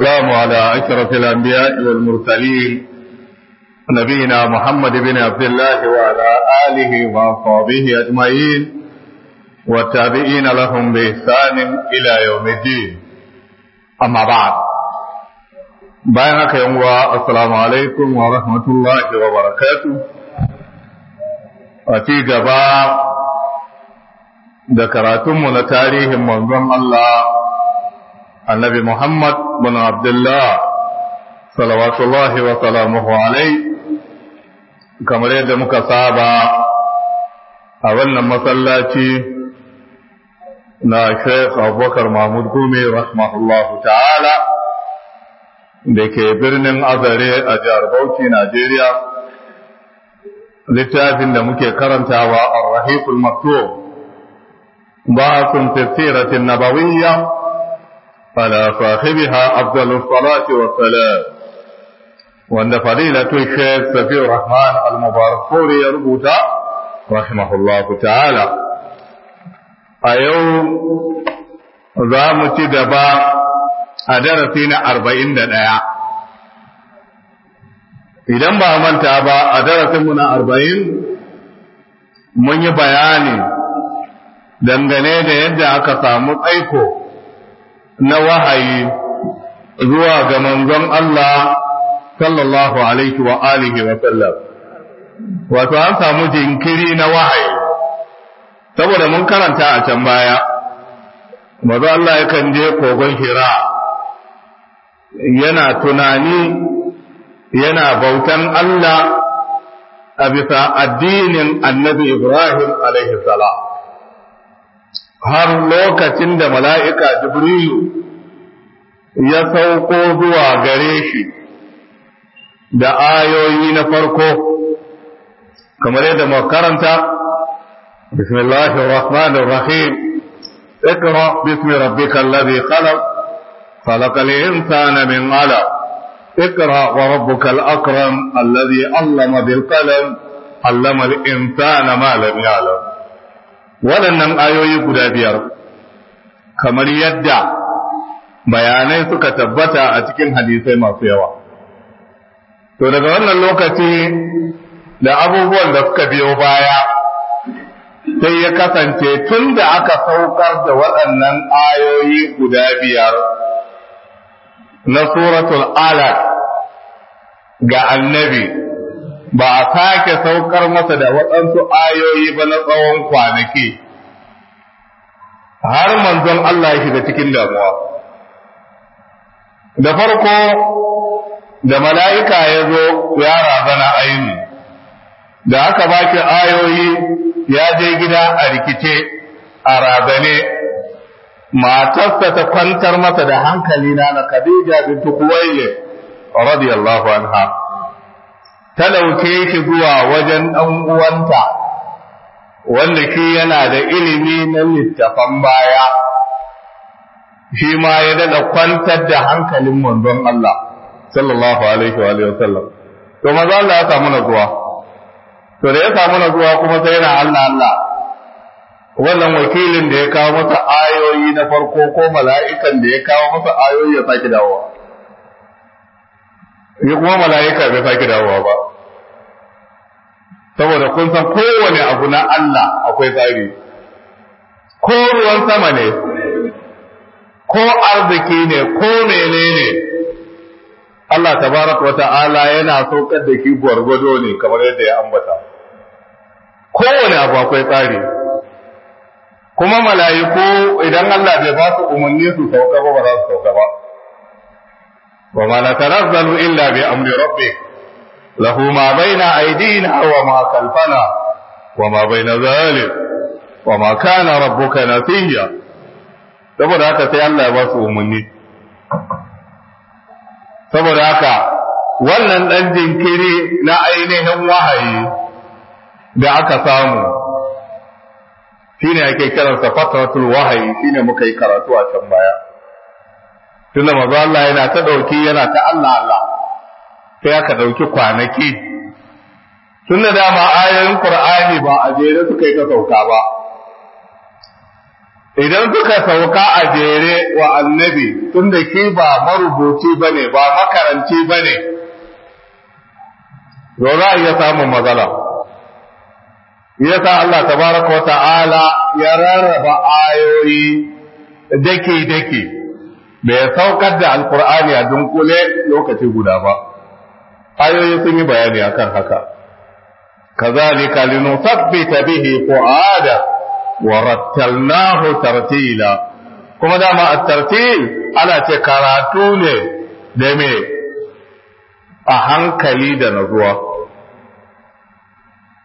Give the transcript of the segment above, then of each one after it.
السلام على أشرف الأنبياء والمرسلين نبينا محمد بن عبد الله وعلى آله وأصحابه أجمعين والتابعين لهم بإحسان إلى يوم الدين أما بعد بينك يوم السلام عليكم ورحمة الله وبركاته أتي جبا ذكرتم لتاريخ منظم الله annabi Muhammad bin Abdullah salawatullahi wa salamuhu alai kamar yadda muka saba a wannan masallaci na Sheikh Abubakar Mahmud Gumi rahmahullahu ta'ala da ke birnin Azare a jihar Bauchi Najeriya littafin da muke karantawa ar-Rahiqul Maktub ba'athun fi siratin nabawiyya على صاحبها أفضل الصلاة والسلام وأن فضيلة الشيخ سفي الرحمن المبارك فوري يربوتا رحمه الله تعالى أيوم ذامت دبا أدرسين أربعين دقيقة idan ba manta ba a darasinmu na arba'in mun yi bayani dangane da yadda aka samu tsaiko na wahayi zuwa ga manzon Allah sallallahu alaihi wa alihi wa sallam wato an samu jinkiri na wahayi saboda mun karanta a can baya maza Allah yakan je kogon hira yana tunani yana bautan Allah a bisa addinin annabi Ibrahim alaihi salam har lokacin da mala'ika Jibrilu ya sauko zuwa gare shi da ayoyi na farko, kamar yadda makaranta, Bismillahirrahmanirrahim, ikra bismi rabbikal ladhi khalaq khalaqal insana min 'alaq اقرأ وربك الأكرم الذي علم بالقلم علم الإنسان ما لم يعلم waɗannan ayoyi guda biyar kamar yadda bayanai suka tabbata a cikin hadisai masu yawa to daga wannan lokaci da abubuwan da suka biyo baya sai ya kasance tun da aka saukar da waɗannan ayoyi guda biyar na suratul alaq ga annabi ba a sake saukar masa da waɗansu ayoyi ba na tsawon kwanaki har manzon Allah ya shiga cikin damuwa da farko da mala'ika ya zo ya razana aini da aka ba shi ayoyi ya je gida a rikice a razane matarsa ta kwantar masa da hankali na na Khadija bintu Kuwaye radiyallahu anha talauke ki zuwa wajen ɗan uwanta wanda shi yana da ilimi na littafan baya shi ma ya daɗa kwantar da hankalin manzon Allah sallallahu alaihi wa alihi wasallam to maza Allah ya samu nutsuwa to da ya samu zuwa kuma sai yana Allah Allah wannan wakilin da ya kawo masa ayoyi na farko ko mala'ikan da ya kawo masa ayoyi ya saki dawowa shi kuma mala'ika bai sake dawowa ba saboda kun san kowane abu na Allah akwai tsari ko ruwan sama ne ko arziki ne ko menene Allah tabaraka wata'ala yana so da ki gwargwado ne kamar yadda ya ambata kowane abu akwai tsari kuma mala'iku idan Allah bai ba su umarni su sauka ba ba za su sauka ba وما نتنزل إلا بأمر ربك له ما بين أيدينا وما خلفنا وما بين ذلك وما كان ربك نسيا saboda haka sai Allah ya ba su umarni saboda haka wannan ɗan jinkiri na ainihin wahayi da aka samu shine ake kiransa fatratul wahayi shine muka yi karatu a can baya tunda maza Allah yana ta ɗauki yana ta Allah Allah sai aka ɗauki kwanaki tunda dama ayoyin Qur'ani ba a jere suka yi ta sauka ba idan suka sauka a jere wa annabi tunda ke ba marubuci bane ba makaranci bane to za a iya samun matsala yasa Allah tabaraka wa ta'ala ya rarraba ayoyi dake dake bai saukar da alkur'ani a dunkule lokaci guda ba ayoyi sun yi bayani akan haka kazalika linusabbita bihi fuada wa rattalnahu tartila kuma dama at-tartil ana ce karatu ne da me a hankali da nazuwa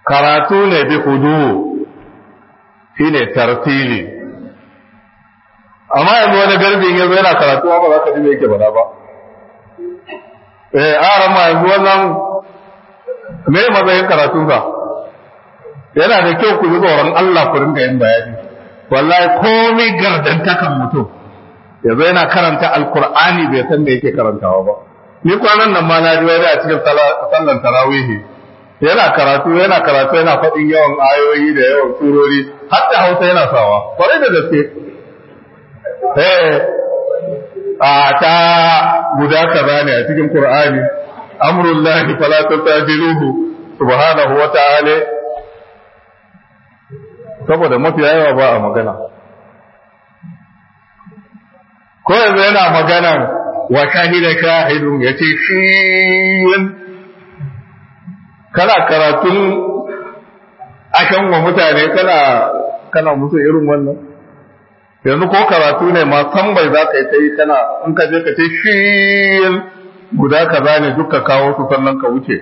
karatu ne bi hudu shine tartili amma yanzu wani garbin yanzu yana karatu ba za ka ji me yake bada ba eh ara ma yanzu wannan me matsayin karatun ka yana da kyau ku ji tsoron Allah ku ringa yin bayani wallahi komai gardantakan mutum yanzu yana karanta alkur'ani bai san me yake karantawa ba ni kwanan nan ma na ji wani a cikin sallan tarawihi yana karatu yana karatu yana faɗin yawan ayoyi da yawan surori har da hausa yana sawa kwarai da gaske eh a ta guda kaza ne a cikin Kur'ani. Qur'ani amrullahi fala tatajiruhu subhanahu wa ta'ala saboda mafi yawa ba a magana ko yanzu yana magana wa shahida ya ce shi kana karatun akan wa mutane kana kana musu irin wannan yanzu ko karatu ne ma san bai za ka yi ta yi kana in ka je ka ce shi guda kaza ne duka kawo su sannan ka wuce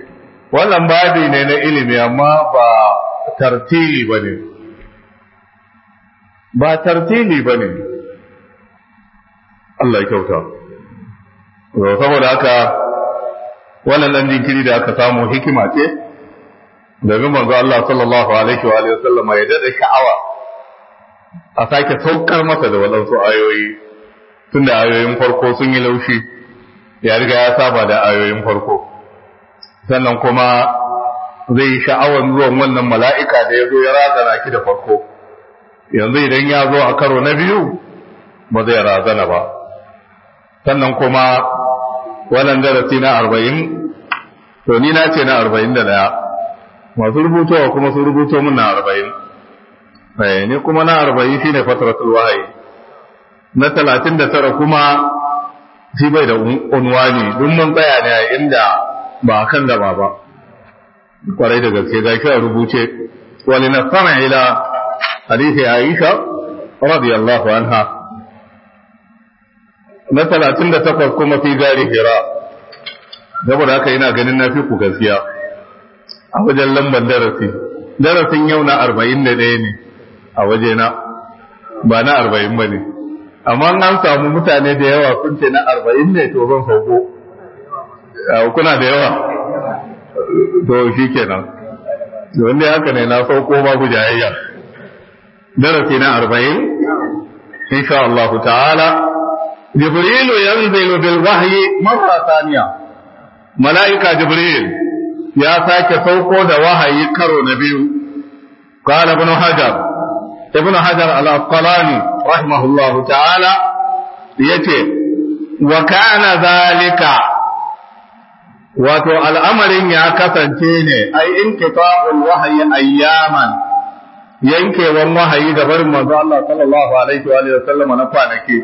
wannan babi ne na ilimi amma ba tartili ba ne ba tartili ba ne Allah ya kyauta saboda haka wannan dan jinkiri da aka samu hikima ce domin manzo Allah sallallahu alaihi wa sallama ya dada sha'awa a sake saukar masa da waɗansu ayoyi tun da ayoyin farko sun yi laushi ya riga ya saba da ayoyin farko sannan kuma zai sha'awar zuwan wannan mala'ika da ya zo ya razana ki da farko yanzu idan ya zo a karo na biyu ba zai razana ba sannan kuma wannan darasi na arba'in to ni na ce na arba'in da ɗaya masu rubutowa kuma su rubuto min na arba'in Eh, ni kuma na arba'in shi ne fasaratul wahayi na talatin da tara kuma shi bai da unwani duk mun tsaya ne a inda ba a kan gaba ba kwarai da gaske za ki a rubuce wani na sana ila hadisi aisha radiyallahu anha na talatin da takwas kuma fi gari hira saboda haka yana ganin na fi ku gaskiya a wajen lambar darasi darasin yau na arba'in da ɗaya ne a wajena ba na arba'in ba ne amma an samu mutane da yawa sun ce na arba'in ne to zan sauko kuna da yawa to shi kenan wanda haka ne na sauko babu jayayya darasi na arba'in insha Allah ta'ala jibrilu yanzilu bil wahyi marra thaniya malaika jibril ya sake sauko da wahayi karo na biyu qala ibn hajar ibn hajar al رحمه الله ta'ala yace wa kana zalika wato al'amarin ya kasance ne ai inqita'ul wahyi ayyaman yankewan wahayi da barin الله Allah sallallahu alaihi wa sallam na kwanaki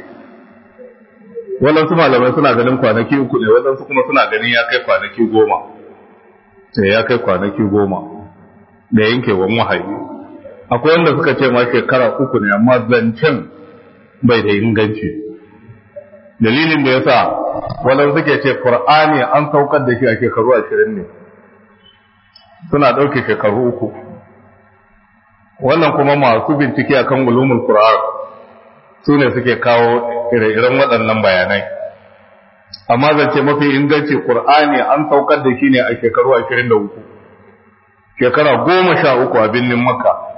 wadansu malamai suna ganin kwanaki uku ne wadansu kuma suna ganin ya kai kwanaki goma eh, ya kai kwanaki goma da yankewan wahayi akwai wanda suka ce ma shekara uku ne amma zancen bai da inganci dalilin da yasa walau suke ce qur'ani an saukar da shi a shekaru ashirin ne suna ɗauke shekaru uku wannan kuma masu bincike akan ulumul qur'an su ne suke kawo ire-iren waɗannan bayanai amma zance mafi inganci qur'ani an saukar da shi ne a shekaru ashirin da uku shekara goma sha uku a birnin makka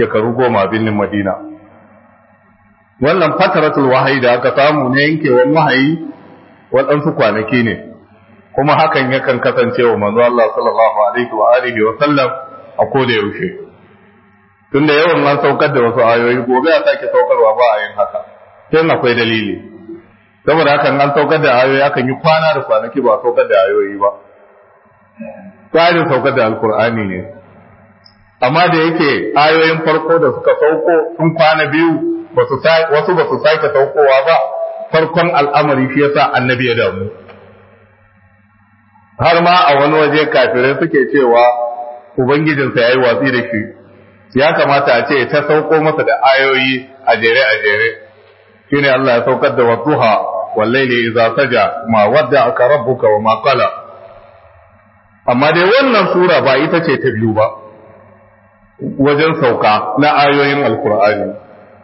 shekaru goma birnin madina wannan fataratul wahayi da aka samu ne yankewar wahayi waɗansu kwanaki ne kuma hakan yakan kasance wa manzo Allah sallallahu alaihi wa alihi wa sallam a koda yaushe tunda yawan an saukar da wasu ayoyi gobe a sake saukarwa ba a yin haka sai akwai dalili saboda hakan an saukar da ayoyi akan yi kwana da kwanaki ba saukar da ayoyi ba tsarin saukar da alkur'ani ne amma da yake ayoyin farko da suka sauko sun kwana biyu wasu ba su sake saukowa ba farkon al'amari shi yasa annabi ya damu har ma a wani waje kafirai suke cewa ubangijinsa ya yi watsi da shi ya kamata a ce ta sauko masa da ayoyi a jere a jere shine Allah ya saukar da wadduha wallaili idza saja ma wadda aka rabbuka wa ma amma dai wannan sura ba ita ce ta biyu ba wajen sauka na ayoyin alkur'ani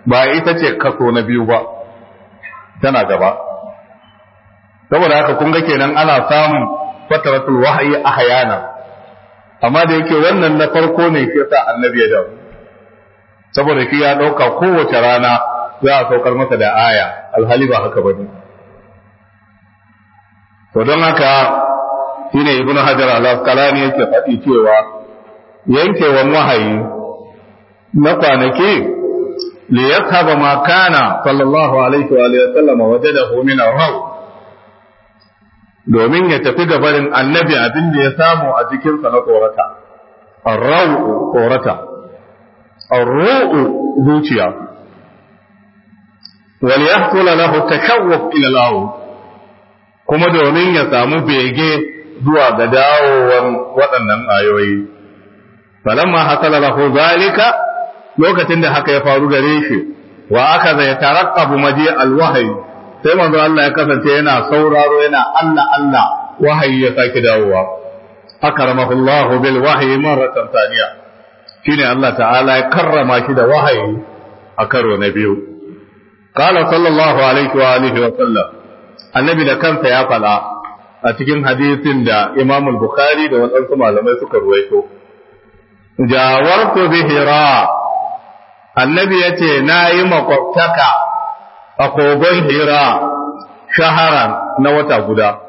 ba ita ce kaso na biyu ba tana gaba saboda haka kun ga kenan ana samun fataratul wahayi a hayana amma da yake wannan na farko ne ke sa annabi ya saboda shi ya ɗauka kowace rana za a saukar masa da aya alhali ba haka bane to don haka shine ibnu hajar al-asqalani yake faɗi cewa yankewan wahayi na kwanaki li yakhaba ma kana sallallahu alaihi wa sallama waje min ar-raw domin ya tafi gabarin annabi abin da ya samu a jikinsa na tsorata ar-raw tsorata ar-ru'u zuciya wal yahsul lahu takawwuf ila al kuma domin ya samu bege zuwa ga dawowar waɗannan ayoyi falamma hasala lahu zalika lokacin da haka ya faru gare shi wa aka zai taraqqabu maji alwahyi sai manzo Allah ya kasance yana sauraro yana Allah Allah wahayi ya sake dawowa akramahu Allah bil wahyi maratan taniya shine Allah ta'ala ya karrama shi da wahayi a karo na biyu qala sallallahu alaihi wa sallam annabi da kansa ya fala a cikin hadisin da Imam al-Bukhari da wadansu malamai suka ruwaito jawartu bi annabi ya ce na yi makwabtaka a kogon hira shaharan na wata guda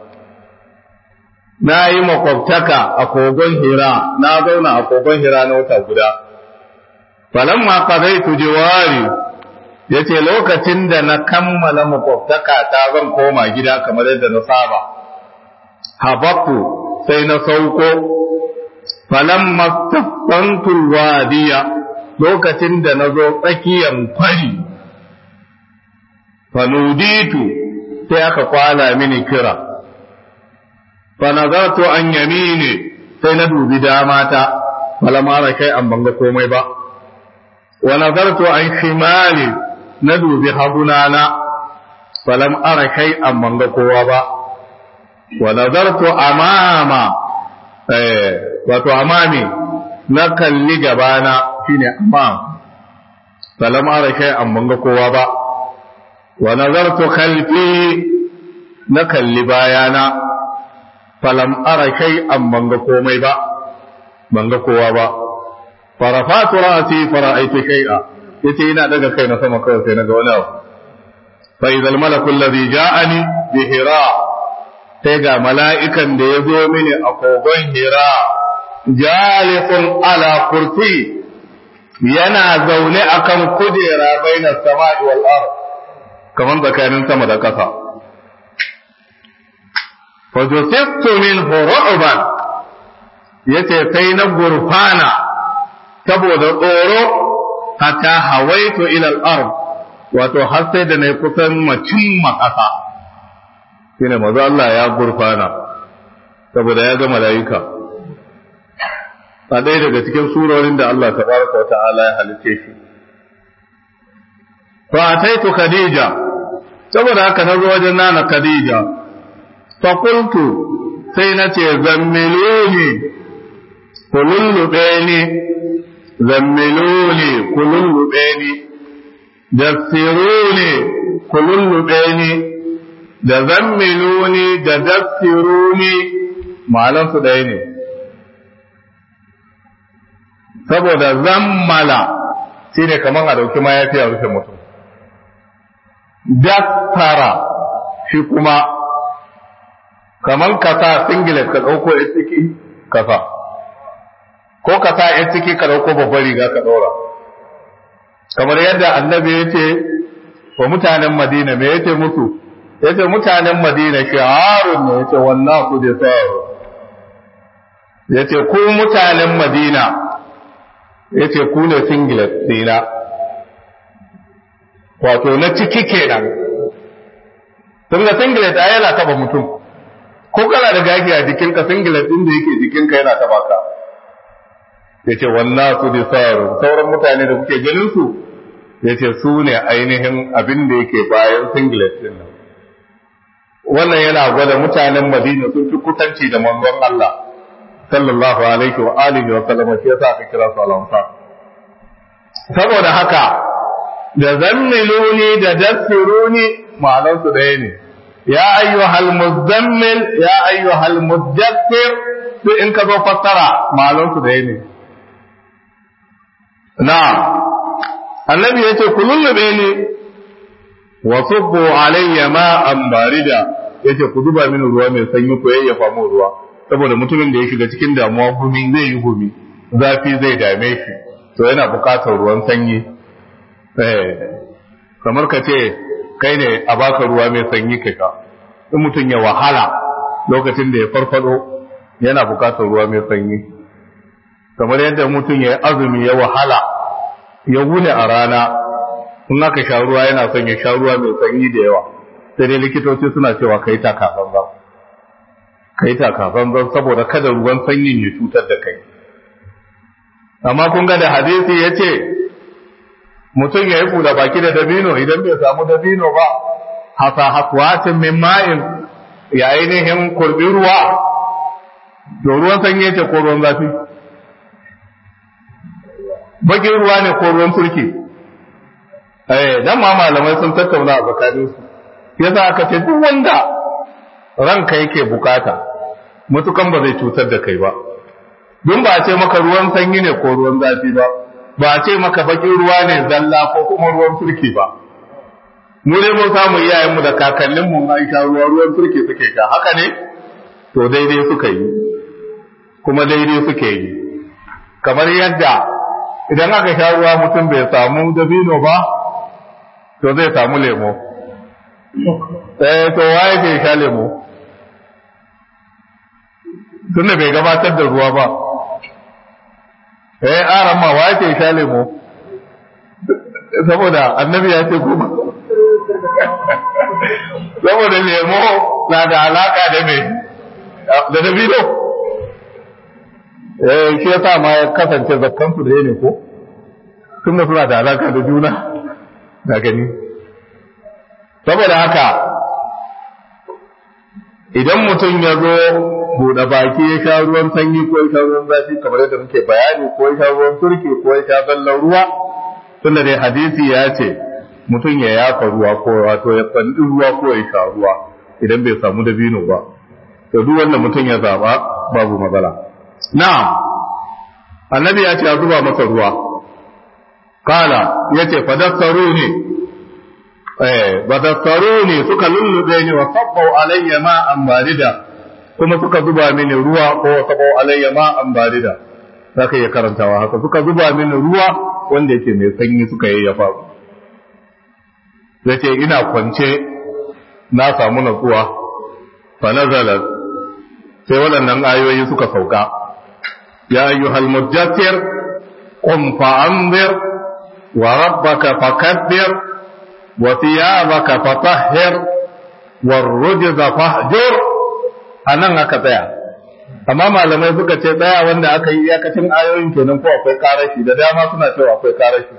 na yi makwabtaka a kogon hira na zauna a kogon hira na wata guda falamma qadaitu jiwari yace lokacin da na kammala makwabtaka ta zan koma gida kamar yadda na saba habaku sai na sauko falamma istaftantu alwadiya lokacin da nazo tsakiyar kwari fanuditu sai aka kwala mini kira fanazartu an yamini sai na dubi dama ta falamma da kai an banga komai ba wa nazartu an shimali na dubi haguna na falam ara kai an banga kowa ba wa nazartu amama Eh, wato amami na kalli gabana shine amma salam ara shai an banga kowa ba wa nazartu khalfi na kalli bayana falam ara shai an banga komai ba banga kowa ba farafatu ra'si fara'aitu shay'a yace ina daga kai na sama kawai sai naga wani abu fa idal malaku alladhi ja'ani bi sai ga mala'ikan da ya zo mini a kogon hira jalifin ala yana zaune a akan kujera bainar sama'i wal kamar tsakanin sama da ƙasa fa jusiftu horo’uban ya ce sai na gurfana saboda tsoro hata hawaitu ilal’ar, wato har sai da yi kusan macin makasa shine maza Allah ya gurfana saboda ya ga mala'ika a ɗaya daga cikin surorin da Allah tabaraka ta'ala ya halice shi fa ataitu khadija saboda haka na zo wajen nana khadija fa qultu sai na ce zammiluni ku lullube zammiluni ku lullube ni dassiruni ku da zammiluni da daffiruni malansu ɗaya ne saboda zammala shi ne kamar a ɗauki mayafi a rufe mutum daffara shi kuma kamar kasa singlet ka ɗauko ya ciki kasa ko kasa ya ciki ka ɗauko babbar riga ka ɗora kamar yadda annabi ya ce wa mutanen madina me ya ce musu yace mutanen madina shi'arun ne yace da sa'ar? yace ku mutanen madina yace ku ne singlet dina wato na ciki kenan tun da singlet ai yana taba mutum ko kana da gashi a jikinka singlet din da yake jikinka yana taba ka yace wallahu sa'ar sauran mutane da kuke ganin su yace su ne ainihin abin da yake bayan singlet din wannan yana gwada mutanen madina sun fi kutanci da manzon Allah sallallahu alaihi wa alihi wa sallam shi yasa aka kira su al saboda haka da zammiluni da dassiruni ma'anar su daya ne ya ayyuhal muzammil ya ayyuhal mudaffir to in ka zo fassara ma'anar su ɗaya ne na annabi yace ku lullube ni wa subbu alayya ma'an barida yace ku duba mini ruwa mai sanyi ko yayyafa mu ruwa saboda mutumin da ya shiga cikin damuwa gumi zai yi gumi zafi zai dame shi to yana buƙatar ruwan sanyi eh, kamar ka ce kai ne a baka ruwa mai sanyi kai ka in mutum ya wahala lokacin da ya farfado yana bukatar ruwa mai sanyi kamar yadda mutum ya azumi ya wahala ya wune a rana in aka sha ruwa yana son ya sha ruwa mai sanyi da yawa sai dai likitoci suna cewa ka yi takafan zan ka yi takafan zan saboda kada ruwan sanyin ya cutar da kai amma kun ga da hadisi ya ce mutum ya yi kula baki da dabino idan bai samu dabino ba hasa haswatin min ma'in ya ainihin kurbi ruwa to ruwan sanyi ya ce ko ruwan zafi bakin ruwa ne ko ruwan turki eh dan ma malamai sun tattauna a tsakanin su ya za aka ce duk wanda ranka yake bukata mutukan ba zai cutar da kai ba don ba a ce maka ruwan sanyi ne ko ruwan zafi ba ba a ce maka bakin ruwa ne zalla ko kuma ruwan turki ba mu ne mun samu iyayenmu da kakanninmu na sha ruwa ruwan turki suke ka haka ne to daidai suka yi kuma daidai suke yi kamar yadda idan aka sha ruwa mutum bai samu dabino ba to zai samu lemo eh to waye ke sha lemo tunda bai gabatar da ruwa ba eh aran ma waye ke sha lemo saboda annabi ya ce kuma saboda lemo na da alaka da mai da dabino eh shi yasa ma kasance zakkan su da ne ko tunda suna da alaka da juna na gani saboda haka idan mutum ya zo buɗe baki ya sha ruwan sanyi ko ya sha ruwan zafi kamar yadda muke bayani ko ya sha ruwan turke ko ya sha zallan ruwa tunda dai hadisi ya ce mutum ya yafa ruwa ko wato ya fandi ruwa ko ya sha ruwa idan bai samu dabino ba to duk wanda mutum ya zaba babu matsala na annabi ya ce a zuba masa ruwa kala ya ce fadaftaru eh, ne suka lullube ni wa sabbau alayya ma an barida kuma suka zuba mini ruwa ko sabbau alayya ma an barida za ka iya karantawa haka suka zuba mini ruwa wanda yake mai sanyi suka yi ya ce ina kwance na samu natsuwa fa nazalat sai waɗannan ayoyi suka sauka ya ayyuhal mujaddir وربك فكبر وثيابك فطهر والرجز فاهجر anan aka tsaya amma malamai suka ce tsaya wanda aka yi iyakacin ayoyin kenan ko akwai karashi da dama suna cewa akwai karashi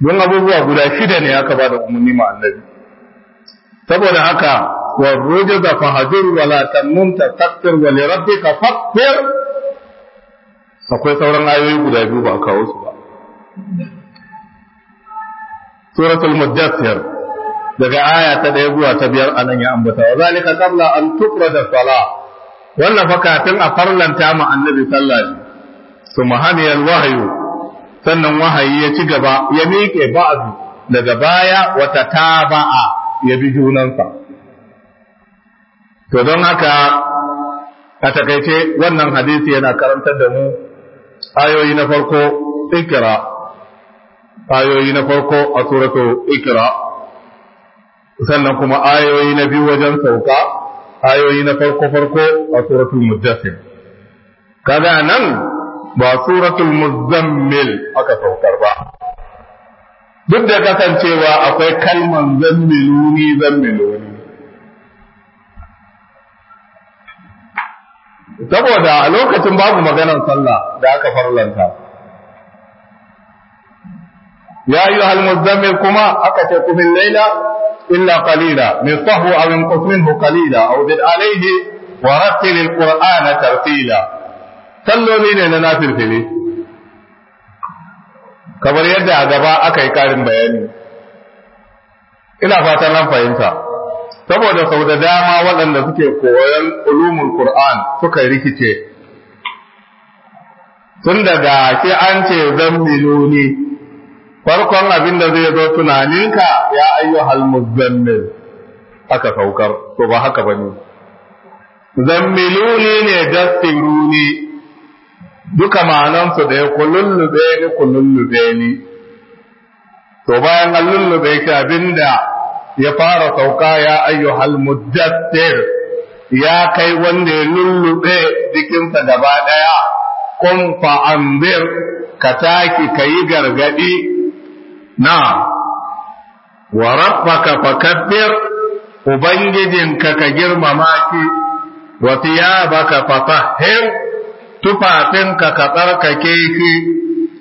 don abubuwa guda shida ne aka ba da umarni ma annabi saboda haka wala فهجر ولا تمنن تستكثر ولربك فاغفر akwai sauran ayoyi guda biyu ba a kawo su ba suratul muddathir daga aya ta ɗaya zuwa ta biyar anan ya ambata wa zalika qabla an da sala wannan fa kafin a farlanta mu annabi sallallahu su subhaniyal wahyu sannan wahayi ya ci gaba ya miƙe ba'du daga baya wata taba'a ya bi junansa to don haka a takaice wannan hadisi yana karantar da mu ayoyi na farko ikra ayoyi na farko a suratu ikra sannan kuma ayoyi na biyu wajen sauka ayoyi na farko farko a suratul mujassim kaga nan ba suratul muzammil aka saukar ba duk da kasancewa akwai kalman zammiluni zammiluni saboda a lokacin babu maganar sallah da aka farlanta ya ayyuhal muzammil kuma aka ce kumin laila illa qalila nisfahu aw inqus minhu qalila aw zid alayhi wa rattil alqur'ana tartila salloli ne na nafilfili kamar yadda a gaba aka yi karin bayani ina fatan nan fahimta saboda sau da dama waɗanda suke koyon ulumul Qur'an suka rikice tun daga shi an ce zan miloni farkon abin da zai zo tunaninka ya ayyuhal muzammil aka saukar to ba haka bane zammiluni ne dastiruni duka ma'anansu da ya kullullube ni kullullube ni to bayan an lullube abinda ya fara sauka ya ayyuhal muddassir ya kai wanda ya lullube jikinsa gaba daya kun fa'anzir ka taki ka yi gargadi na wa rabbaka fakabbir ubangijinka ka girmama shi wa thiyabaka fatahhir tufafinka ka tsarkake shi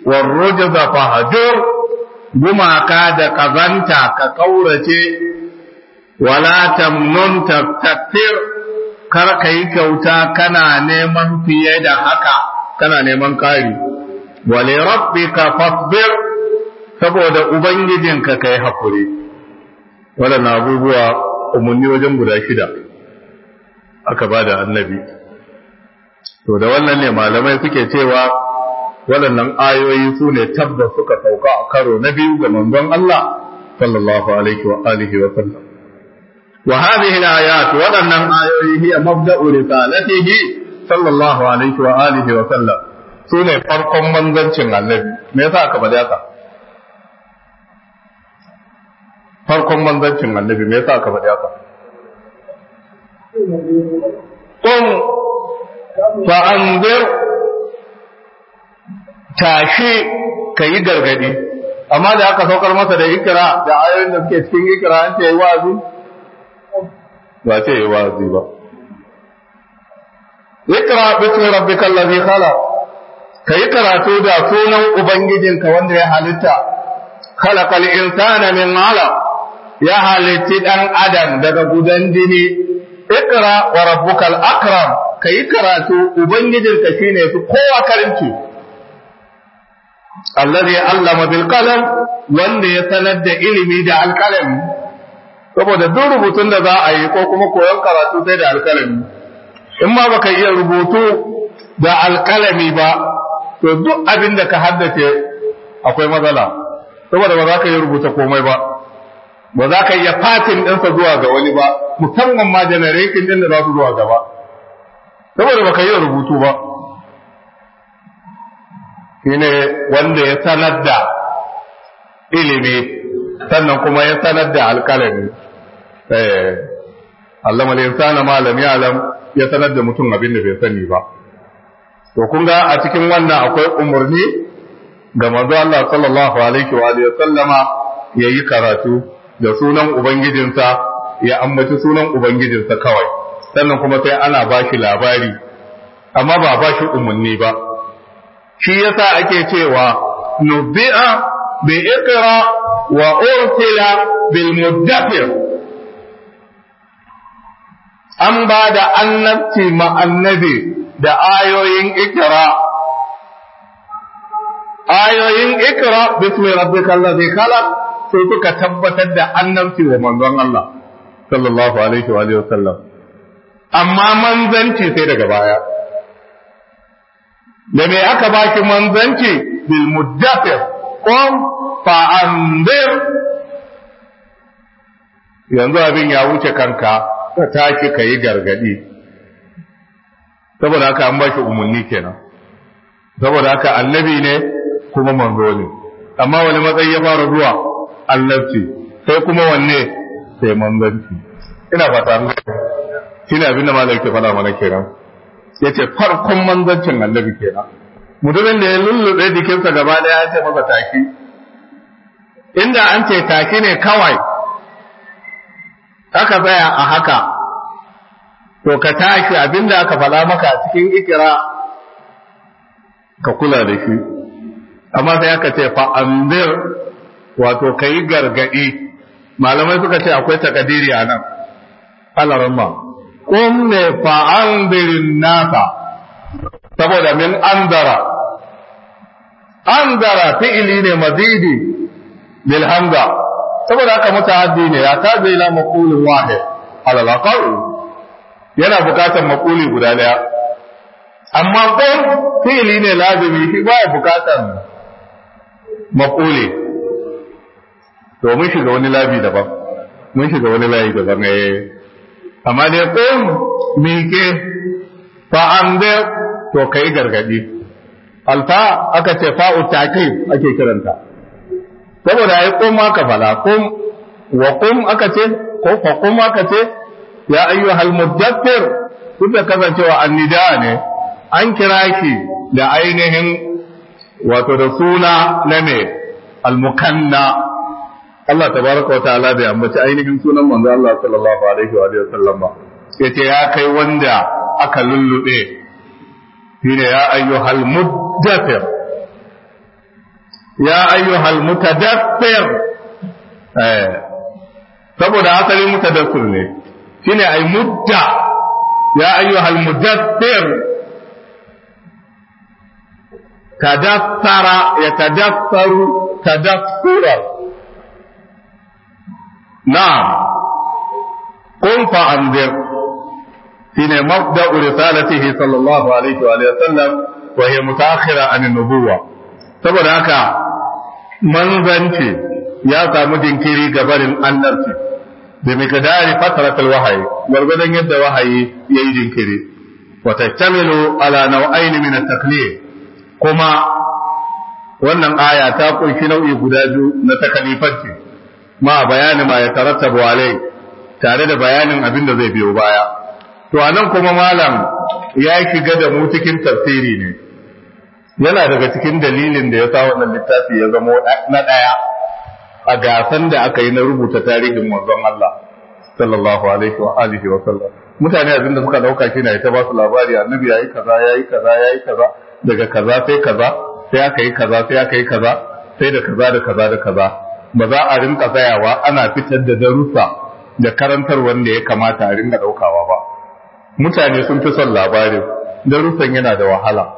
wa rujza fahjur gumaka da kazanta ka kaurace wala tamnun takfir kar ka yi kyauta kana neman fiye da haka kana neman kari wa li rabbika fasbir saboda ubangijinka kai hakuri waɗannan abubuwa umarni wajen guda shida aka ba da annabi to da wannan ne malamai suke cewa waɗannan ayoyi su ne tabba suka sauka a karo na biyu ga manzon Allah sallallahu alaihi wa alihi wa sallam wa hadhihi al-ayat waɗannan ayoyi hiya mabda'u risalatihi sallallahu alaihi wa alihi wa sallam su ne farkon manzancin annabi me yasa aka bada haka farkon manzancin annabi me yasa aka faɗi haka qum fa tashi ka yi gargadi amma da aka saukar masa da ikira da ayoyin da suke cikin ikira an ce wa'azi ba ce yi wa'azi ba rabbi bismi rabbikal kala. Ka yi karatu da sunan ubangijinka wanda ya halitta khalaqal insana min 'alaq ya halitti ɗan adam daga gudan jini ikra wa rabbukal akram kayi karatu ubangijinka shine fi kowa karinci alladhi allama bil qalam wanda ya sanar da ilimi da alkalami saboda duk rubutun da za a yi ko kuma koyon karatu sai da alkalami in ma baka iya rubutu da alkalami ba to duk abin da ka haddace akwai matsala saboda ba za ka yi rubuta komai ba ba za ka iya fatin ɗinsa zuwa ga wani ba musamman ma janarekin ɗin da za su zuwa gaba saboda ba ka yi rubutu ba ne wanda ya sanar da ilimi sannan kuma ya sanar da alƙalami eh, Allah sanar malam ya alam ya sanar da mutum abin da bai sani ba to kun ga a cikin wannan akwai umarni ga manzo Allah sallallahu alaihi wa Sallama, sallama yayi karatu da sunan ubangijinsa ya ambaci sunan ubangijinsa kawai sannan kuma sai ana ba shi labari amma ba ba shi umarni ba shi yasa ake cewa nubi'a bi iqra wa ursila bil an ba da annabci ma'annabi da ayoyin ikira ayoyin ikira bismi rabbikal ladhi khalaq sai suka tabbatar da annabci wa manzon Allah sallallahu alaihi wa sallam amma manzanci sai daga baya da me aka baki manzanci bil muddathir qum fa anzir yanzu abin ya wuce kanka ka tashi ka yi gargadi saboda haka an bashi umarni kenan saboda haka annabi ne kuma manzo ne amma wani matsayi ya fara zuwa annabci sai kuma wanne sai manzanci ina fata an shi ne da malai ke fada mana kenan yace farkon manzancin annabi kenan mutumin da ya lullube jikinsa gaba ɗaya ya ce masa taki inda an ce taki ne kawai aka tsaya a haka to ka tashi abinda aka fada maka cikin ikira ka kula da shi amma sai aka ce fa anzir wato ka yi gargaɗi malamai suka ce akwai takadiri a nan alaramma Kun ne fa'andirin nasa saboda min andara andara fi'ili ne mazidi bilhamza saboda haka mutahaddi ne ya ta zai la maƙulin wahid alalakaru yana bukatar makuli guda daya amma ko fi'ili ne lazimi shi ba bukatar makuli to mun shiga wani labi daban mun shiga wani layi daban eh amma dai qum miƙe fa da to kai gargadi alfa aka ce fa'u taqib ake kiranta saboda ai ma ka fala qum wa qum aka ce ko fa qum aka ce ya ayyuhal mudaththir duk da kasancewa annida ne an kira ki da ainihin wato da suna na ne al-mukanna Allah tabaraka wa ta'ala bai ambaci ainihin sunan manzo Allah sallallahu alaihi wa sallam ba yace ya kai wanda aka lullube shine ya ayyuhal muddathir ya ayyuhal mutadaffir eh saboda asali mutadaffir ne shine ay mudda ya ayyuhal muddathir tadaffara ya tadaffaru tadaffura na'am qul fa anzir shine mabda'u risalatihi sallallahu alaihi wa sallam wa hiya mutaakhira an saboda haka manzanci ya samu jinkiri gabarin annabci da miqdari fatratul wahayi gargadan yadda wahayi yayi jinkiri wata tattamilu ala naw'ain min at kuma wannan aya ta kunshi nau'i guda biyu na takalifanci ma bayanin ma ya alai tare da bayanin abin da zai biyo baya to anan kuma malam ya shiga da mu cikin tafsiri ne yana daga cikin dalilin da ya sa wannan littafi ya zama na ɗaya a gasan da aka yi na rubuta tarihin manzon Allah sallallahu alaihi wa alihi wa sallam mutane abin da suka dauka shi ne ta ba su labari annabi yayi kaza yayi kaza yayi kaza daga kaza sai kaza sai aka yi kaza sai aka yi kaza sai da kaza da kaza da kaza ba za a rinka tsayawa ana fitar da darussa da karantar wanda ya kamata a rinka daukawa ba mutane sun fi son labarin darussan yana da wahala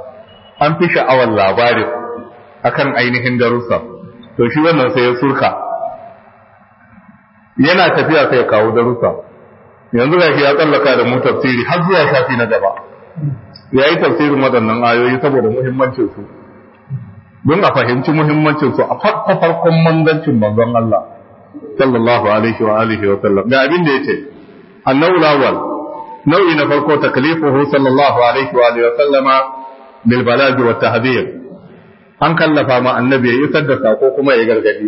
an fi sha'awar labarin akan ainihin darussa to shi wannan sai ya surka yana tafiya sai ya kawo darussa yanzu ga shi ya tsallaka da mu tafsiri har zuwa shafi na gaba ya yi tafsirin waɗannan ayoyi saboda muhimmancin su don a fahimci muhimmancin su a farko farkon mangancin manzon Allah sallallahu alaihi wa alihi wa sallam ga abin da yace annawul awwal nau'i na farko taklifuhu sallallahu alaihi wa alihi wa sallama bil balagh wa tahdhir an kallafa ma annabi ya isar da sako kuma ya gargadi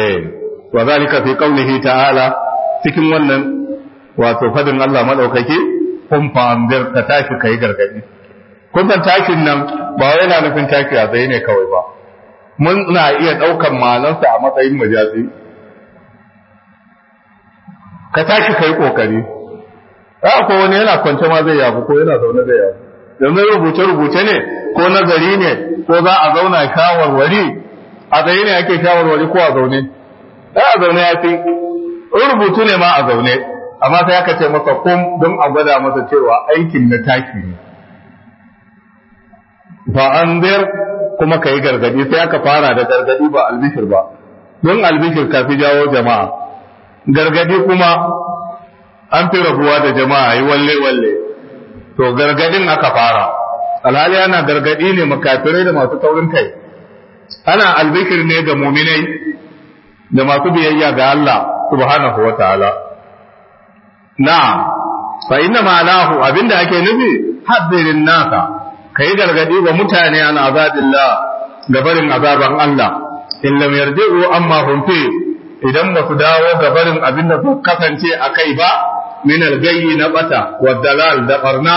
eh wa zalika fi qawlihi ta'ala cikin wannan wato fadin Allah madaukake kun fa anzir ka tashi kai gargadi kusan takin nan ba wai yana nufin taki a zai ne kawai ba mun na iya ɗaukan malansa a matsayin majazi ka tashi kai kokari a ko wani yana kwance ma zai yafi ko yana zaune zai yafu yanzu rubuce rubuce ne ko nazari ne ko za a zauna shawarwari a zai ne ake shawarwari ko a zaune da a zaune ya fi rubutu ne ma a zaune amma sai aka ce masa kum don a gwada masa cewa aikin na taki ne fa anzir kuma kai gargadi sai aka fara da gargadi ba albishir ba don albishir kafi jawo jama'a gargadi kuma an fi rabuwa da jama'a yi walle walle to gargadin aka fara alhali ana gargadi ne makafirai da masu taurin kai ana albishir ne ga muminai da masu biyayya ga Allah subhanahu wa ta'ala na'am fa inna lahu abinda ake nufi haddirin nasa ka yi gargadi ga mutane an ga barin azaban Allah in lam yarji'u amma hum fi idan ba su dawo ga barin abin da su kasance a kai ba min al-gayyi na bata wa dalal da barna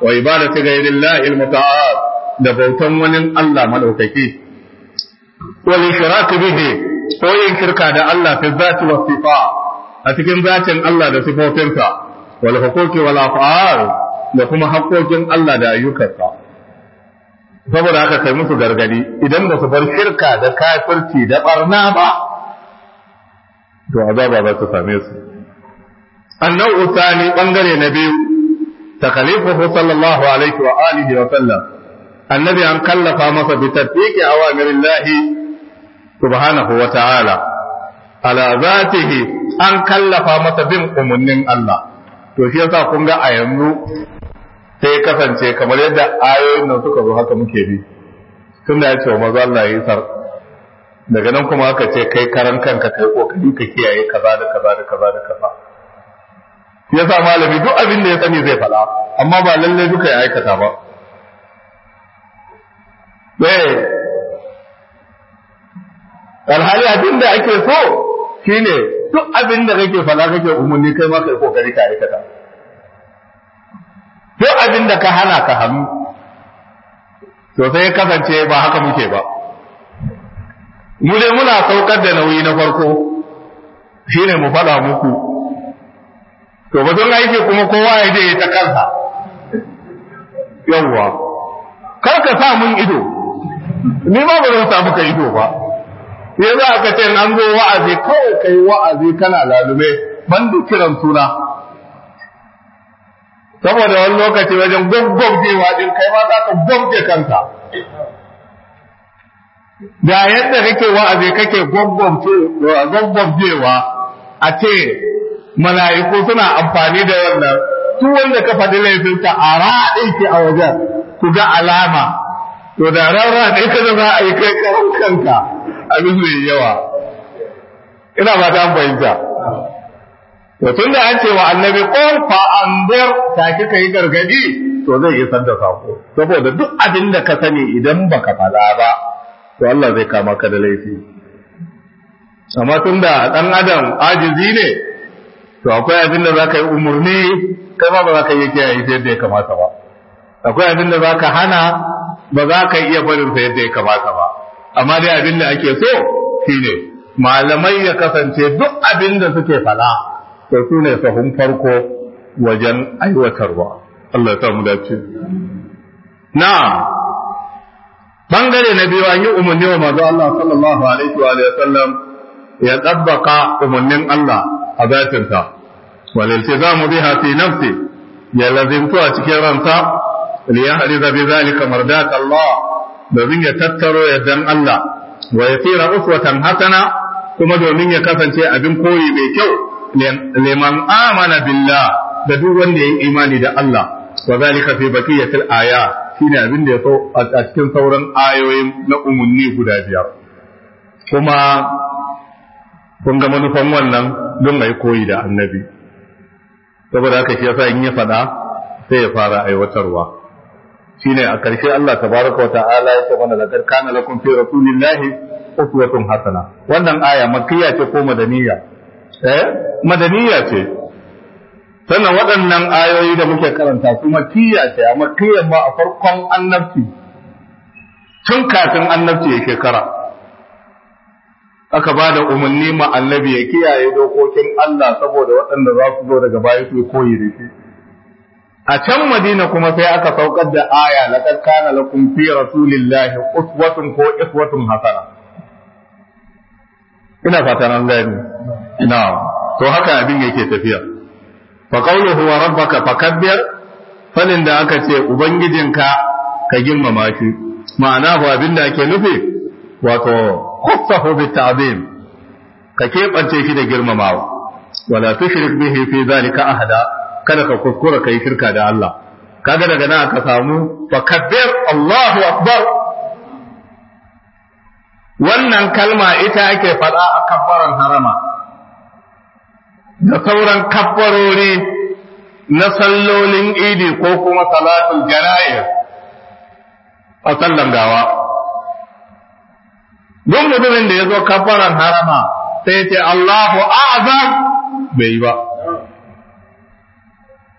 wa ibadatu ghayrillahi al-muta'ab da bautan wani Allah madaukaki wal ishrak bihi ko yin shirka da Allah fi zati wa sifa a cikin zatin Allah da sifofinsa wal huquqi wal af'al da kuma haƙƙoƙin Allah da ayyukansa saboda haka kai musu gargadi idan ba su bar shirka da kafirci da barna ba to azaba za su same su annau tsani bangare na biyu takalifuhu sallallahu alaihi wa alihi wa sallam annabi an kallafa masa bi tatbiqi awamirillahi subhanahu wa ta'ala ala zatihi an kallafa masa bin umunnin Allah to shi yasa kun ga a yanzu sai ya kasance kamar yadda ayoyin nan suka zo haka muke bi tun da ya ce wa maza Allah ya yi sar daga nan kuma aka ce kai karan kanka kai kokari ka kiyaye kaza da kaza da kaza da kaza ya sa malami duk abin da ya sani zai faɗa amma ba lalle duka ya aikata ba eh alhali abin da ake so shine duk abin da kake faɗa kake umarni kai ma kai kokari ka aikata duk abin da ka hana ka hannu to sai ya kasance ba haka muke ba mu dai muna saukar da nauyi na farko shi ne mu faɗa muku to batun aiki kuma kowa ya je ta kansa yawwa kar ka sa mun ido ni ma ba zan sa muka ido ba sai za ka ce an zo wa'azi kawai kai wa'azi kana lalume ban da kiran suna saboda wani lokaci wajen gwaggwabjewa din kai ma za ka gwabje kanka da yadda kake wa'azi kake gwaggwabjewa a ce mala'iku suna amfani da wannan duk wanda ka faɗi ta a raɗe ki a wajen ku ga alama to da rarra da ita da za a yi kai karan kanka abin zai yawa ina ba ta fahimta to tun da an ce wa annabi qul fa anzir ta kika yi gargadi to zai yi da sako saboda duk abin da ka sani idan baka fada ba to Allah zai kama ka da laifi amma tun da dan adam ajizi ne to akwai abin da zaka yi umurni kai ma ba zaka yi kiyaye yadda yadda ya kamata ba akwai abin da zaka hana ba za ka iya barin sa yadda ya kamata ba amma dai abin da ake so shine malamai ya kasance duk abin da suke fala da su ne sahun farko wajen aiwatarwa Allah ya mu dace na bangare na biyu an yi umarni wa manzo Allah sallallahu alaihi wa sallam ya tsabbaka umarnin Allah a zatinsa za mu biha fi nafsi ya lazimtu a cikin ransa li yahriza zali kamar da, Allah domin ya tattaro yardan Allah wa yasira uswatan hasana kuma domin ya kasance abin koyi mai kyau liman amana billah da duk wanda yi imani da Allah wa zalika fi baqiyatil aya shine abin da ya so a cikin sauran ayoyin na umunni guda biyar kuma kun ga manufan wannan don mai koyi da annabi saboda haka shi sa in ya faɗa sai ya fara aiwatarwa shine a ƙarshe Allah tabaraka wa ta'ala ya ce mana laqad kana lakum fi rasulillahi uswatun hasana wannan aya makkiya ce ko madaniya eh madaniya ce sannan waɗannan ayoyi da muke karanta su kiyya ce amma kiyyan ma a farkon annabci tun kafin annabci ya shekara aka ba da umarni ma annabi ya kiyaye dokokin Allah saboda waɗanda za su zo daga baya su koyi da shi a can Madina kuma sai aka saukar da aya laqad kana lakum fi rasulillahi uswatun ko iswatun hasana ina fatan Allah ne na'am to haka abin yake tafiya fa qawluhu wa rabbaka fakabbir falin da aka ce ubangijinka ka girmama shi ma'ana ko abin da ake nufi wato khassahu bi ta'zim ka kebance shi da girmamawa wala tushrik bihi fi zalika ahada kada ka kuskura kai shirka da Allah kaga daga nan aka samu fakabbir Allahu akbar wannan kalma ita ake faɗa a kabbaran harama da sauran kafarori na sallolin idi ko kuma salatul jana'ir a sallan gawa duk mutumin da ya zo kabbaran harama sai ce Allahu a'zam bai yi ba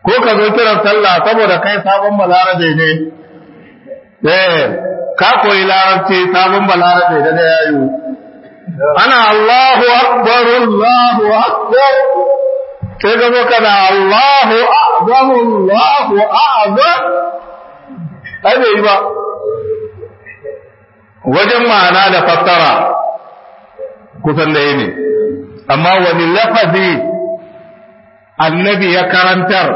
ko ka zo kiran sallah saboda kai sabon balarabe ne eh ka koyi larabci sabon balarabe da da yayu ana Allahu akbar Allahu akbar sai ga kana Allahu akbar Allahu akbar ai yi ba wajen ma'ana da fassara kusan da ne amma wani lafazi annabi ya karantar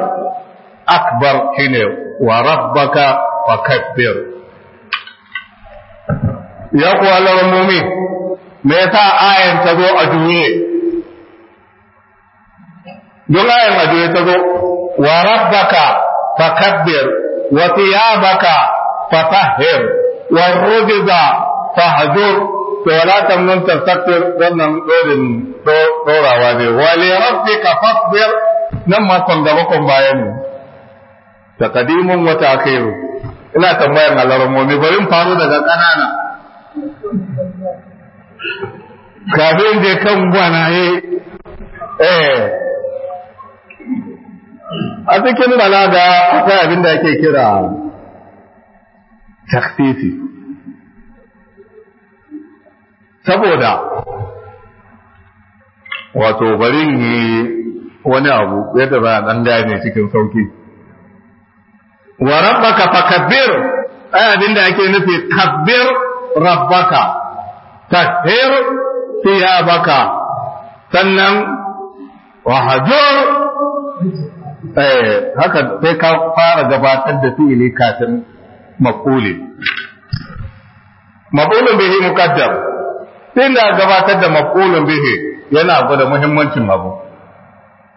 akbar shine wa rabbaka fakabbir ya ku alarar mumin me yasa ayan ta zo a juye don ayan a juye ta zo wa rabbaka fakabbir wa thiyabaka fatahhir wa rujza fahjur to wala tamnun tastakbir wannan dorin dorawa ne wa li rabbika fasbir nan ma kon gaba kon bayan mu taqdimun wa ta'khir ina tambayar alarmomi bari in faru daga kanana kafin je kan gwanaye eh. eh a cikin balaga akwai abin da ake kira takfifi saboda wato barin yi wani abu yadda za a ɗan gane cikin sauki wa rabbaka fakabbir abin da ake nufi kabbir rabbaka tahir thiyabaka sannan wahjur eh haka sai ka fara gabatar da fi'ili kafin maquli maqulun bihi muqaddam sai gabatar da maqulun bihi yana gwada muhimmancin abu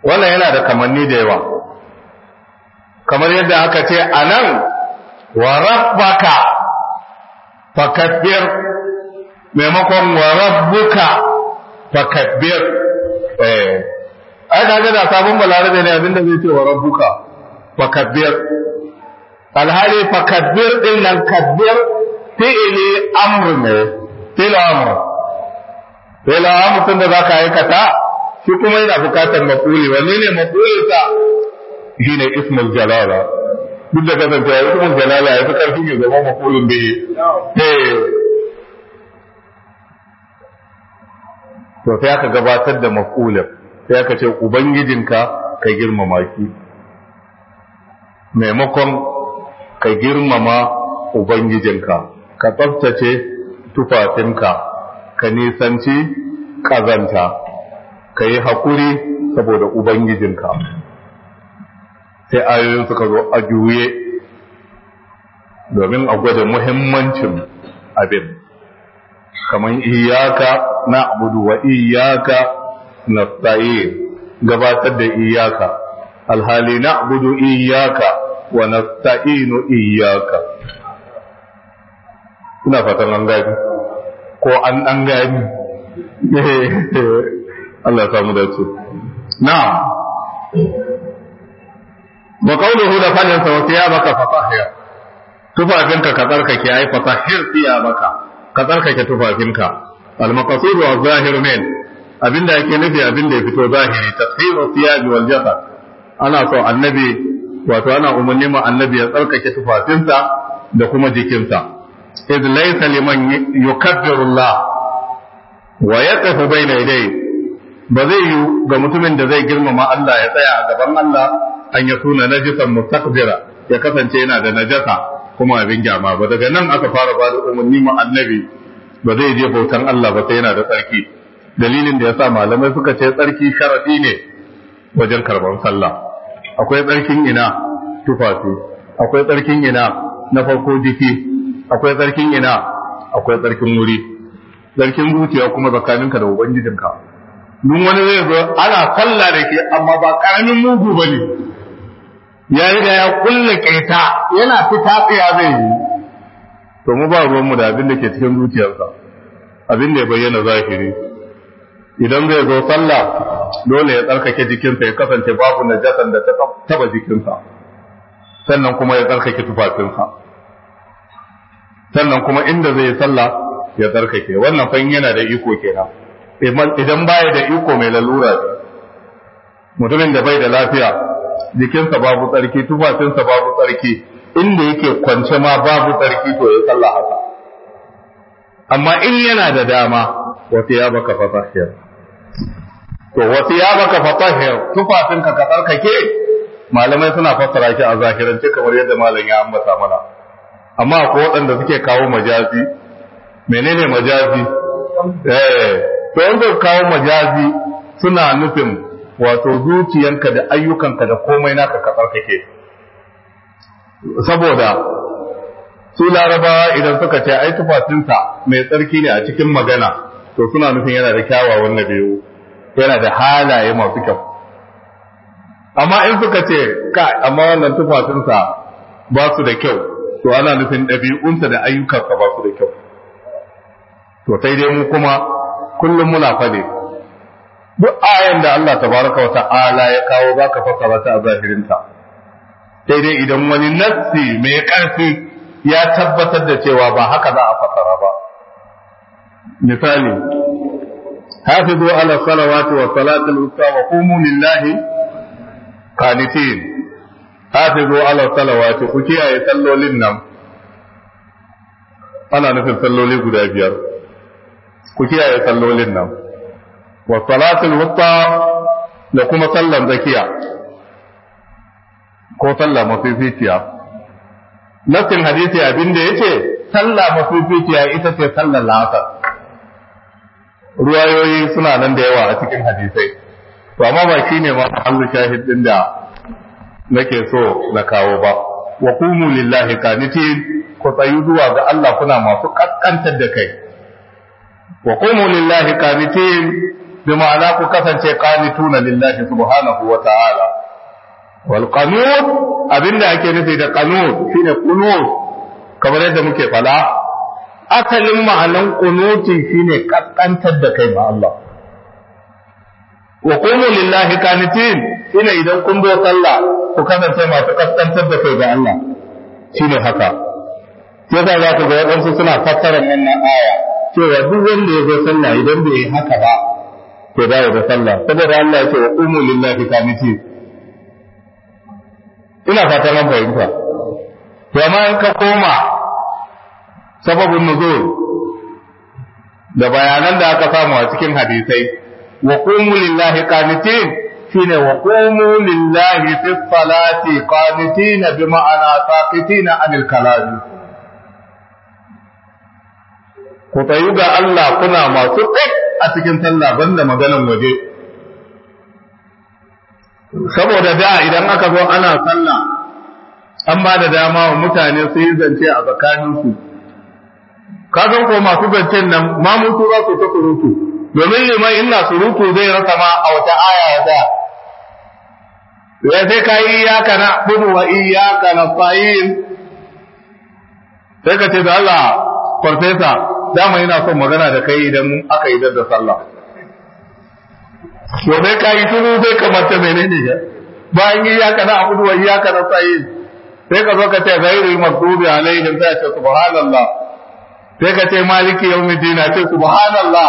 wannan yana da kamanni da yawa kamar yadda aka ce anan wa rabbaka fakabbir maimakon wa rabbuka fakabbir eh ai kaga da sabon balarabe ne abinda zai ce wa rabbuka fakabbir alhali fakabbir din nan kabbir fi'ili amr ne fi'il amr fi'il amr tun da zaka aikata shi kuma yana bukatar mafuli Wani ne mafulinsa shine ismul jalala duk da kasance kasancewa ismul jalala ya fi karfi ne zama mafulin bai to sai aka gabatar da maf'ulin sai aka ce ubangijinka ka girmama ki, maimakon ka girmama ubangijinka ka tsaftace tufafinka ka nisanci ƙazanta ka yi haƙuri saboda ubangijinka sai ayoyin suka zo a juye domin a gwada muhimmancin abin kaman iyaka na abudu wa iyaka na tsaye gabatar da iyaka alhali na abudu iyaka wa nasta'inu iyaka ina fatan an gani ko an an gani Allah samu samu dace na ba qawluhu da fadin sa ya baka fasahiyar tufafinka ka tsarkake ai fatahhir baka ka tsarkake tufafinka al-maqsud wa zahiru min abinda yake nufi abinda ya fito zahiri tasiru thiyab wal jasad ana so annabi wato ana umarni ma annabi ya tsarkake tufafinsa da kuma jikinsa id laysa liman yukabbiru Allah wa yaqifu bayna yadayhi ba zai yi ga mutumin da zai girmama Allah ya tsaya a gaban Allah an ya tuna najisan mustaqbira ya kasance yana da najasa kuma abin gyama ba daga nan aka fara ba da umarni ma annabi ba zai je bautan Allah ba sai yana da tsarki dalilin da ya sa malamai suka ce tsarki sharafi ne wajen karban sallah akwai tsarkin ina tufafi akwai tsarkin ina na farko jiki akwai tsarkin ina akwai tsarkin wuri tsarkin zuciya kuma tsakaninka da ubangijinka duk wani zai zo ana sallah da ke amma ba karamin mugu ba ne. ya da ya kulle kaita yana fita tsaya zai yi to mu ba ruwanmu da abin da ke cikin zuciyarsa abin da ya bayyana zahiri idan zai zo sallah dole ya tsarkake jikinsa ya kasance babu najasan da ta taba jikinsa sannan kuma ya tsarkake tufafinsa sannan kuma inda zai yi sallah ya tsarkake wannan fa yana da iko kenan idan baya da iko mai lalura mutumin da bai da lafiya jikinsa babu tsarki tufafinsa babu tsarki inda yake kwance ma babu tsarki to ya sallah haka amma in yana da dama wasu ya baka fatahiyar to wasu ya baka fatahiyar tufafinka ka tsarkake malamai suna fassara shi a zahirance kamar yadda malam ya ambata mana amma akwai waɗanda suke kawo majazi menene majazi eh to wanda kawo majazi suna nufin wato zuciyanka da ayyukanka da komai naka ka tsarkake saboda su larabawa idan suka ce ai tufafinsa mai tsarki ne a cikin magana to suna nufin yana da kyawawan na biyu yana da halaye masu kyau amma in suka ce ka amma wannan tufafinsa ba su da kyau to ana nufin ɗabi'unsa da ayyukanka ba su da kyau to sai dai mu kuma kullum muna fade duk ayan da Allah baraka wa ta'ala ya kawo baka fassara ta a zahirinta sai dai idan wani nassi mai ƙarfi ya tabbatar da cewa ba haka za a fassara ba misali hafizu ala salawati wa salatul wusta wa qumu lillahi qanitin hafizu ala salawati ku kiyaye sallolin nan ana nufin salloli guda biyar ku kiyaye sallolin nan wa salatul wusta da kuma sallar zakiya ko sallar mafificiya nassin hadisi abinda yace sallar mafificiya ita ce sallar la'asar ruwayoyi suna nan da yawa a cikin hadisai to amma ba ne ma Allah shahid din da nake so na kawo ba wa qumu lillahi qanitin ku tsayu zuwa ga Allah kuna masu kakkantar da kai wa qumu lillahi qanitin bi ma'ana ku kasance qanituna lillahi subhanahu wa ta'ala wal qanut abinda ake nufi da qanut shine qunut kamar yadda muke fala asalin ma'anan qunuti shine kaskantar da kai Allah wa qumu lillahi qanitin shine idan kun zo sallah ku kasance masu kaskantar da kai ga Allah shine haka sai za ku ga wadansu suna fassara wannan aya cewa duk wanda ya zo sallah idan bai haka ba to dawo da sallah saboda Allah ya ce wa umu lillahi qanitin ina fatan an fahimta to amma in ka koma sababin nuzul da bayanan da aka samu a cikin hadisai wa qumu lillahi qanitin shine wa qumu lillahi fi salati qanitin bi ma'ana saqitina anil kalam ku tayu Allah kuna masu tsaye a cikin sallah banda maganan waje saboda da idan aka zo ana sallah an ba da dama wa mutane su yi zance a tsakaninsu kasan ko masu zancen nan Ma mutu za su ta surutu domin liman ina surutu zai rasa ma a wata aya ya ya sai ka yi iyaka na budu wa iyaka na fa'in sai ka ce da Allah farfesa dama yana son magana da kai idan aka yi da sallah to dai ka yi turu bai kamata menene ya bayan yi ya kana abudu wa ya kana sai sai ka zo ka ce ghairu maghdubi alaihim sai ce subhanallah sai ka ce maliki yawmiddin ce subhanallah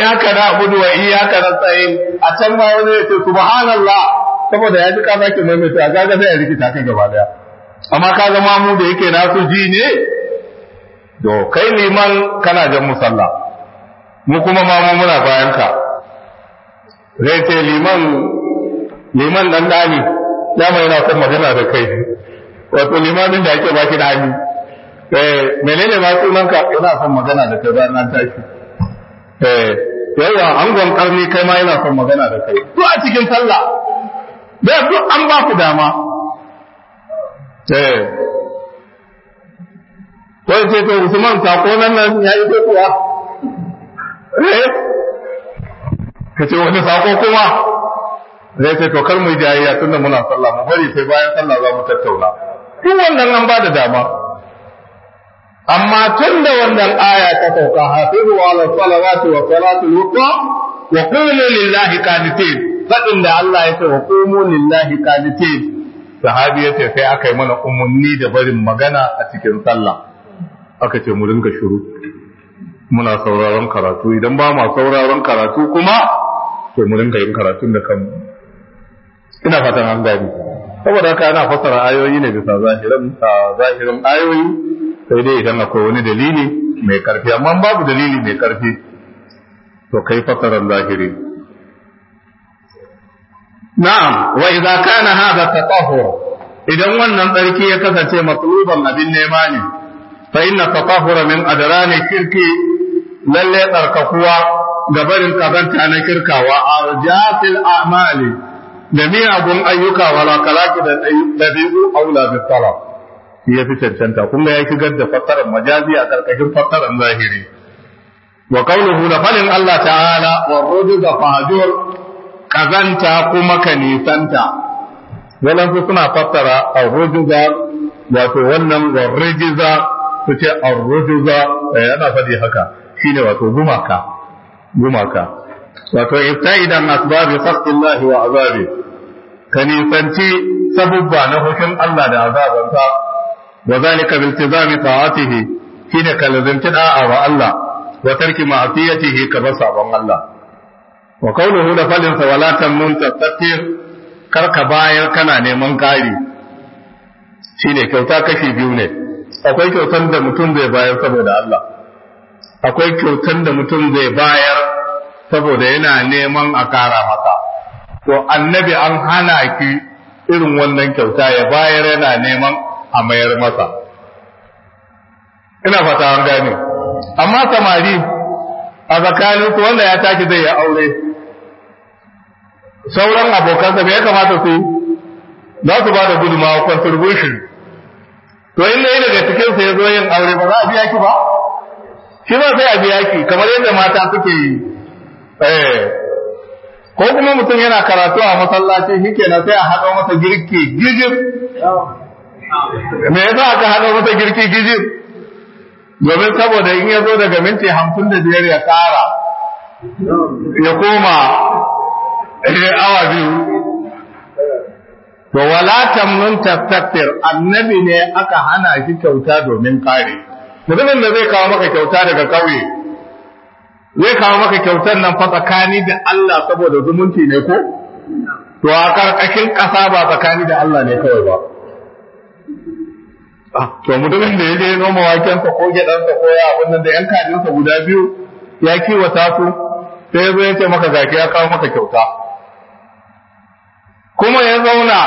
ya kana abudu wa ya kana tsaye a can ma wani ya ce subhanallah saboda ya ji kaza mai ta ga ga sai ya rikita kai gaba daya amma ka ga mu da yake na su ji ne do kai liman kana jan musalla mu kuma ma mu muna bayanka. ka zai ce liman liman dan dani ya mai yana son magana da kai wato limamin da yake baki da hannu eh menene ma sunan ka yana son magana da kai bayan nan tashi eh yawa angon karni kai ma yana son magana da kai to a cikin sallah da duk an ba ku dama eh wai ce to Usman sako nan nan ya iso kuwa eh? ka ce wani sako kuma zai ce to kar mu jayayya tunda muna sallah mu bari sai bayan sallah za mu tattauna Tun wannan an ba da dama amma tun da wannan aya ta sauka hafizu ala salawati wa salatu wusta wa qulu lillahi qanitin fadin da Allah ya ce wa qumu lillahi qanitin sahabi ya ce sai aka yi mana umunni da barin magana a cikin sallah aka ce mu dinga shiru muna sauraron karatu idan ba ma sauraron karatu kuma to mu dinga yin karatun da kanmu ina fatan an gani saboda haka ana fassara ayoyi ne bisa zahirin zahirin ayoyi sai dai idan akwai wani dalili mai karfi amma babu dalili mai karfi to kai fassaran zahiri na'am wa idza kana hadha tatahhur idan wannan tsarki ya kasance matluban abin nema ne fa inna tatahura min adrani kirki lalle tsarkakuwa ga barin kazanta na kirkawa a arjatil a'mali da miyagun ayyuka wala kalaki da dabi'u aula bi talab ya fi cancanta kun ga ya shigar da fassarar majazi a karkashin fassarar zahiri wa qawluhu da falin Allah ta'ala wa rujuga fahjur kazanta kuma kanisanta. nisanta suna fassara a rujiza wato wannan warrijiza su ce arrujuza yana eh, faɗi haka shine wato gumaka gumaka wato ibta'idan asbabi sakhtillahi wa azabi ka nisanci sabubba na hushin Allah da azabansa wa zalika bil tizami ta'atihi shine ka lazimci da'a wa Allah wa tarki ma'asiyatihi ka bar sabon Allah wa qawluhu da fadin sa wala tamnun Kar ka bayar kana neman kari shine kyauta kashi biyu ne akwai kyautar da mutum zai bayar saboda Allah akwai kyautar da mutum zai bayar saboda yana neman a kara maka to annabi an hana ki irin wannan kyauta ya bayar yana neman a mayar masa ina fata an gane amma samari a tsakanin ku wanda ya taki zai yi aure sauran abokansa bai ya kamata su za su ba da gudunmawa contribution to in dai daga cikin sa yazo yin aure ba za a biya ki ba shi ba sai a biya ki kamar yadda mata suke yi eh. ko kuma mutum yana karatu a masallaci ke sai a haɗo masa girki gijib me yasa aka haɗo masa girki gijib domin saboda in ya zo daga minti hamsin da biyar ya ƙara ya koma eh, awa biyu to wala tamnun annabi ne aka hana shi kyauta domin kare mutumin da zai kawo maka kyauta daga kauye zai kawo maka kyautar nan fa tsakani da Allah saboda zumunci ne ko to a karkashin ƙasa ba tsakani da Allah ne kawai ba ah, to mutumin da ya je waken wakensa ko sa ko ya abun da ‘yan kajinsa guda biyu ya kiwata su sai ya ya ce maka zaki ya kawo maka kyauta kuma ya zauna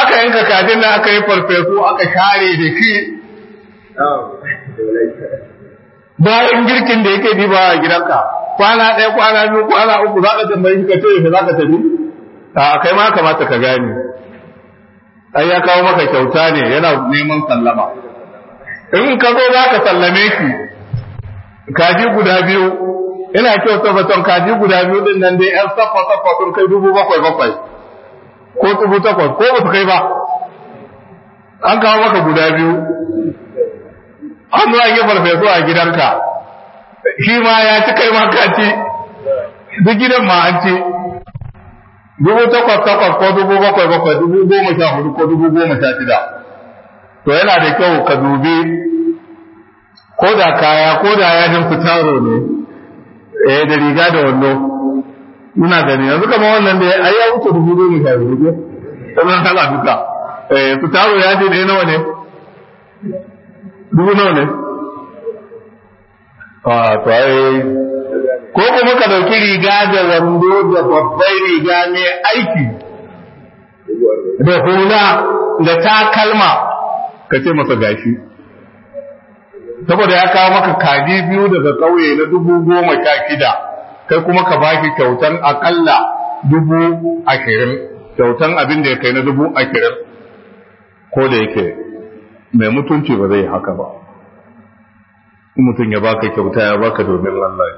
aka yanka kajin da aka yi farfesu aka share da shi bayan girkin da yake diba a gidanka kwana ɗaya kwana biyu kwana uku za ka tambayi shi ka ce yaushe za ka tafi a kai ma kamata ka gane ai ya kawo maka kyauta ne yana neman sallama in ka zo za ka sallame shi kaji guda biyu ina kyauta baton kaji guda biyu din nan dai yan saffa saffa sun kai dubu bakwai bakwai ko dubu takwas ko ba kai ba an kawo maka guda biyu an zuwa yi farfesu a gidanka shi ma ya ci kai ma ka ci duk gidan ma an ci dubu takwas takwas ko dubu bakwai bakwai dubu goma sha hudu ko dubu goma sha shida to yana da kyau ka dubi ko da kaya ko da yajin fitaro ne eh da riga da wando muna eh, ah, gani yanzu kama wannan da ai ya wuce dubu goma sha biyu ne sannan tana duka eh su taro ya ce ɗaya nawa ne dubu nawa ne a to ai ko kuma ka dauki riga da wando da babbar riga ne aiki da hula da takalma ka ce masa gashi saboda ya kawo maka kaji biyu daga ƙauye na dubu goma sha shida kai kuma ka shi kyautan akalla dubu ashirin kyautan abin da ya kai na dubu ashirin ko da yake mai mutunci ba zai haka ba mutum ya baka kyauta ya baka domin lallahi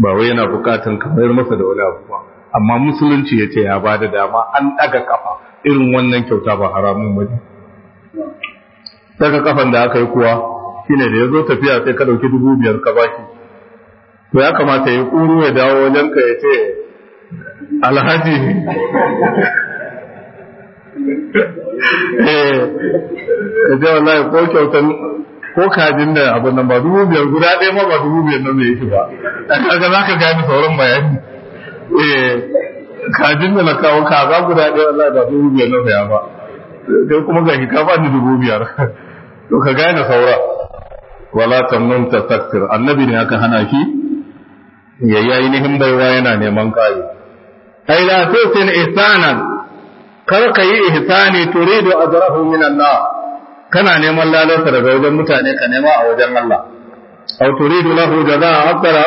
ba wai yana bukatan kamar masa da wani abu ba amma musulunci ya ce ya ba da dama an daga kafa irin wannan kyauta ba haramun ba daga kafan da aka yi kuwa shine da ya zo tafiya sai ka dauki dubu biyar ka baki to ya kamata ya kuru ya dawo wajen ka ya ce alhaji eh ya wallahi ko kyautan ko kajin da abin nan ba dubu biyar guda ɗaya ma ba dubu biyar nan ya ke ba kaga za ka gani sauran bayani eh kajin da na kawo kaza guda ɗaya wallahi ba dubu biyar nan ya ba sai kuma gashi ka ba ni dubu biyar to ka gane saura wala tamnun tasaktir annabi ne aka hana shi ya yi ainihin baiwa yana neman ƙari ai la tusin ihsanan kar ka yi ihsani turidu ajrahu min Allah kana neman lalata daga wajen mutane ka nema a wajen Allah aw turidu lahu jazaa afdala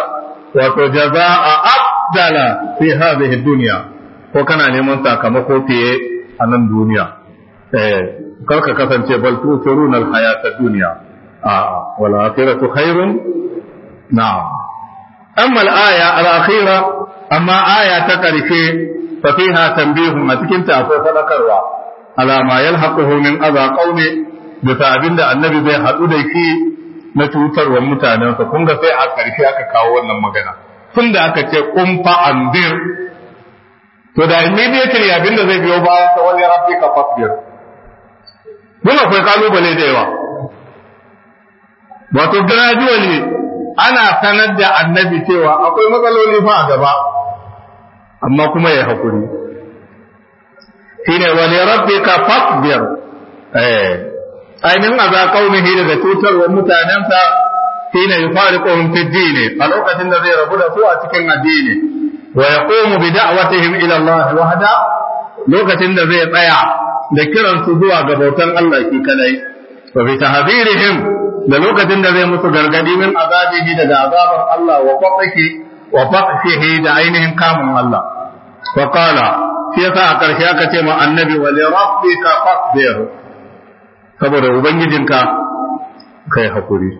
wato jazaa afdala fi hadhihi dunya ko kana neman sakamako fiye a nan duniya eh kar ka kasance bal tusiruna al-hayata dunya a wal akhiratu khairun na'am amma al'aya al'akhira amma aya ta ƙarshe fa fiha tanbihun a cikin ta akwai fadakarwa alama yalhaquhu min adha qawmi bisa abin da annabi zai haɗu da shi na cutarwar mutanensa kun ga sai a ƙarshe aka kawo wannan magana tun da aka ce kun fa anzir to da immediately abin da zai biyo bayan ta wani rabbi ka fasbir mun akwai kalubale da yawa wato gradually ana sanar da annabi cewa akwai matsaloli fa a gaba amma kuma ya haƙuri shine wani rabbi ka fasbir eh, ainihin a za kaunihi daga cutarwar mutanensa shine ya fari ƙohun fiddini a lokacin da zai rabu da su a cikin addini wa ya ƙomu bi da'awatihim ila Allah wahda lokacin da zai tsaya da kiransu zuwa ga bautan Allah ki kadai wa bi tahdirihim da lokacin da zai musu gargadi min azabihi daga azabar Allah wa faqhi wa faqhihi da ainihin kamun Allah fa qala sai yasa a karshe aka ce ma annabi wa li rabbika faqdir saboda ubangijinka kai hakuri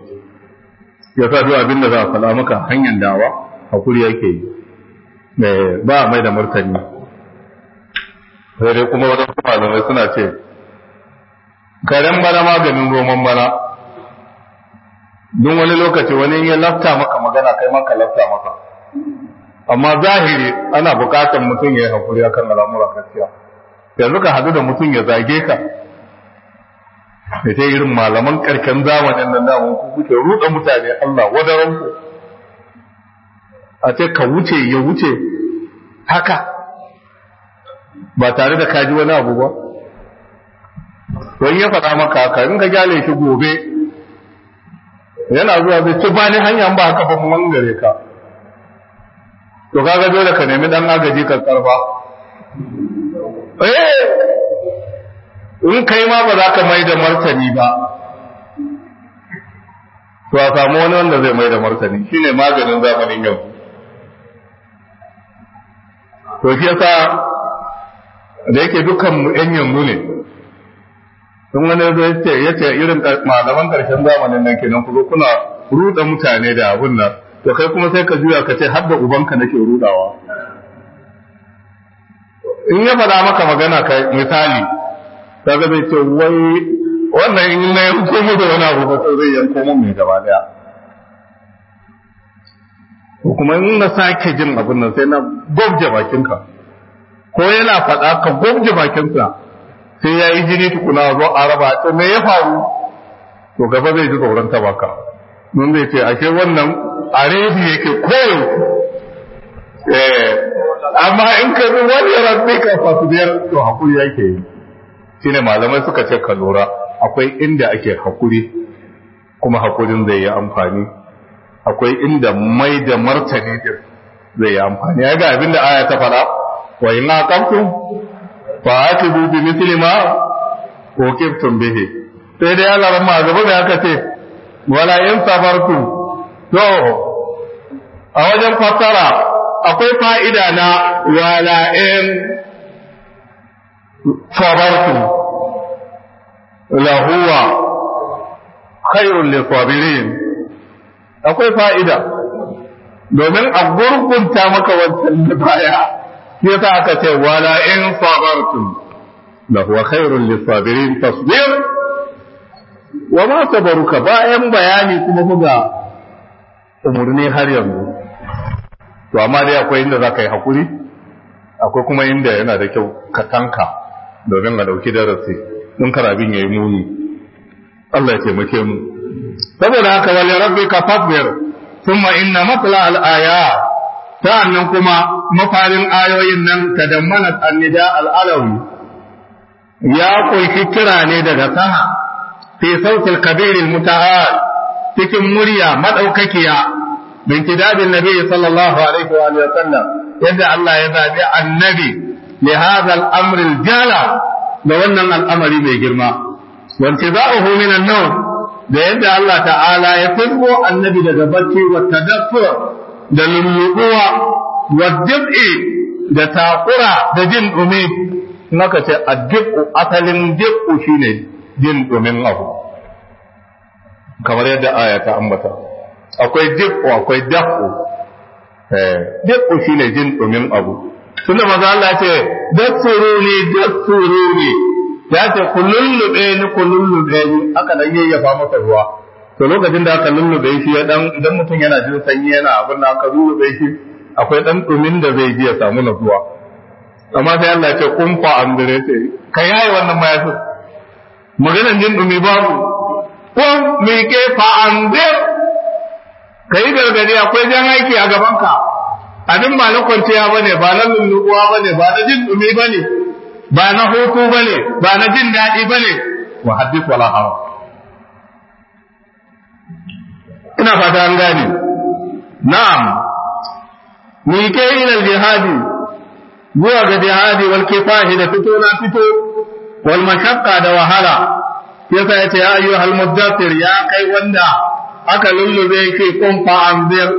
ya sa duk abin da za a faɗa maka hanyar dawa hakuri yake yi eh, ba mai da martani sai dai kuma wadansu malamai suna ce karen bana maganin roman bana don wani lokaci wani ya lafta maka magana kai maka lafta maka amma zahiri ana bukatar mutum ya yi hakuri akan al'amuran gaskiya yanzu ka hadu da mutum ya zage ka da ta irin malaman karken zamanin nan da ku kuke ruɗa mutane Allah wadaran ku a ce ka wuce ya wuce haka ba tare da kaji wani abu ba wani ya faɗa maka haka in ka gyale shi gobe yana zuwa zai ce ba ni ba ka fa ka to kaga dole ka nemi dan agaji ka karba eh in kai ma ba za ka mai da martani ba to a samu wani wanda zai mai da martani shine maganin zamanin yau to shi yasa da yake dukan mu yan yanzu ne sun wani zai ce ya ce irin malaman karshen zamanin nan kenan ku kuna ruɗa mutane da abun nan to kai kuma sai ka juya ka ce har da ubanka nake rudawa in ya faɗa maka magana ka misali kaga zai ce wai wannan in na yanko mu da wani abu ba zai yanko mun mai gaba daya kuma in na sake jin abin nan sai na gobje bakinka ko yana faɗa ka gobje bakinsa sai ya yi jini tukuna zo a raba a me ya faru to gaba zai ji tsoron tabaka mun zai ce ashe wannan a redi yake koyo eh, amma in ka zo wani rabbi ka biyar to hakuri yake yi ne malamai suka ce ka lura akwai inda ake hakuri kuma hakurin zai yi amfani akwai inda mai da martani zai yi amfani ya ga abinda aya ta faɗa wa ina aqamtum fa aqibu bi mithli ma uqibtum bihi sai dai Allah ramma gaba da aka ce wala in sabartum to a wajen fassara akwai fa'ida na wala in sabartum lahuwa khairul lisabirin akwai fa'ida domin a gurgunta maka wancan da baya yasa aka ce wala in sabartum la huwa khairul lisabirin tasbir wa ma sabaruka bayan bayani kuma buga umurni har yanzu to amma dai akwai inda zaka yi hakuri akwai kuma inda yana da kyau ka tanka domin a dauki darasi mun karabin yayi muni Allah ya taimake mu saboda haka wal rabbika fasbir thumma inna matla al ayat sa'annan kuma mafarin ayoyin nan ta dammana annida al'alawi ya ƙunshi kira ne daga sama fi sautil kabirin muta'al cikin murya madaukakiya bin kidabin nabi sallallahu alaihi wa sallam yadda Allah ya zabi annabi li hadha al-amr al-jala da wannan al'amari mai girma wanda za min an-nawm da yadda Allah ta'ala ya firgo annabi daga barci wa tadaffur da lulluɓuwa wa da takura da jin ɗumi naka ce a dib'u asalin dib'u shine jin ɗumin abu kamar yadda aya ta ambata akwai dib'u akwai daf'u eh, dib'u shine jin ɗumin abu tunda maza Allah ce dassuru ne dassuru ne ya ce ku lullube ni ku lullube ni aka nan yayyafa masa ruwa to lokacin da aka lullube shi ya dan idan mutum yana jin sanyi yana abin da aka lullube shi akwai dan dumin da zai ji ya samu nutsuwa amma sai Allah ya ce kun fa amdire ce ka yayi wannan mayafi maganar jin dumi babu kun ke fa amdir kai gargadi akwai jan aiki a gaban ka. abin ba na kwanciya bane ba na lullubuwa bane ba na jin dumi bane ba na hutu bane ba na jin daɗi bane wa hadith wala haram ina fata an gane na'am mike ilal jihadi zuwa ga jihadi wal kifahi da fito na fito wal mashaqqa da wahala yasa yace ya hal muddathir ya kai wanda aka lullube yake kun fa zir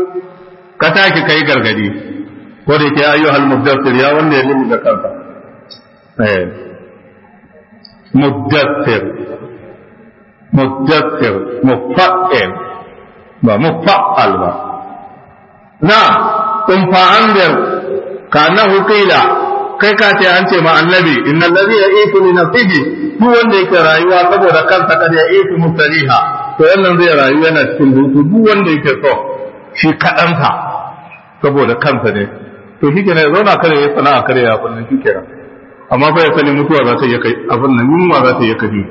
ka taki kai gargadi ko da ayu hal muddathir ya wanda ya da kanka? eh muddathir muddathir ba mufa'al ba na in fa'andir ka na hukila kai ka ce an ce ma annabi innal ladhi ya'itu na nafsihi duk wanda yake rayuwa saboda kansa kada ya ya'itu mustariha to wannan zai rayu yana cikin hutu duk wanda yake so shi kadansa saboda kansa ne to shi kenan zauna kare ya sana'a kare ya abin nan shi kenan amma fa ya sani mutuwa za ta yi abin nan yunwa za ta yi kaji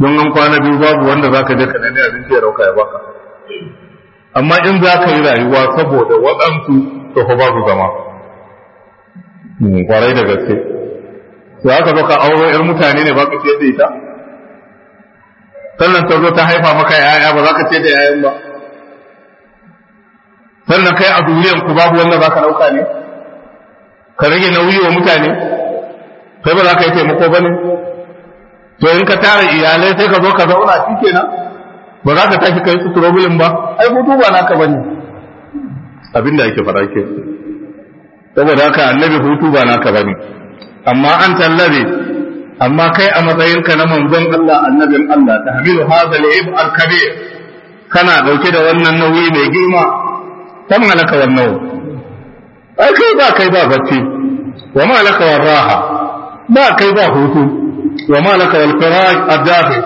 don an kwana biyu babu wanda zaka je ka nemi abinci ya rauka ya baka amma in za ka yi rayuwa saboda waɗansu to fa babu zama kwarai da gaske to haka ka aure yar mutane ne baka ce da ita sannan ta zo ta haifa maka yaya ba za ka ce da yayan ba sannan kai a duniyan ku babu wanda za ka ɗauka ne ka rage nauyi wa mutane kai ba ka yi taimako ba ne to in ka tara iyalai sai ka zo ka zauna shi kenan ba za ka tafi kai su problem ba ai hutu duba naka bane abin da ake fara ke saboda haka annabi hutu ba naka bane amma an tallabe amma kai a matsayinka na manzon Allah annabin Allah ta hadha hada ib al-kabir kana dauke da wannan nauyi mai girma kan malaka wannan ai kai ba kai ba bacci wa malaka wa raha ba kai ba hutu wa laka wal faraj adafi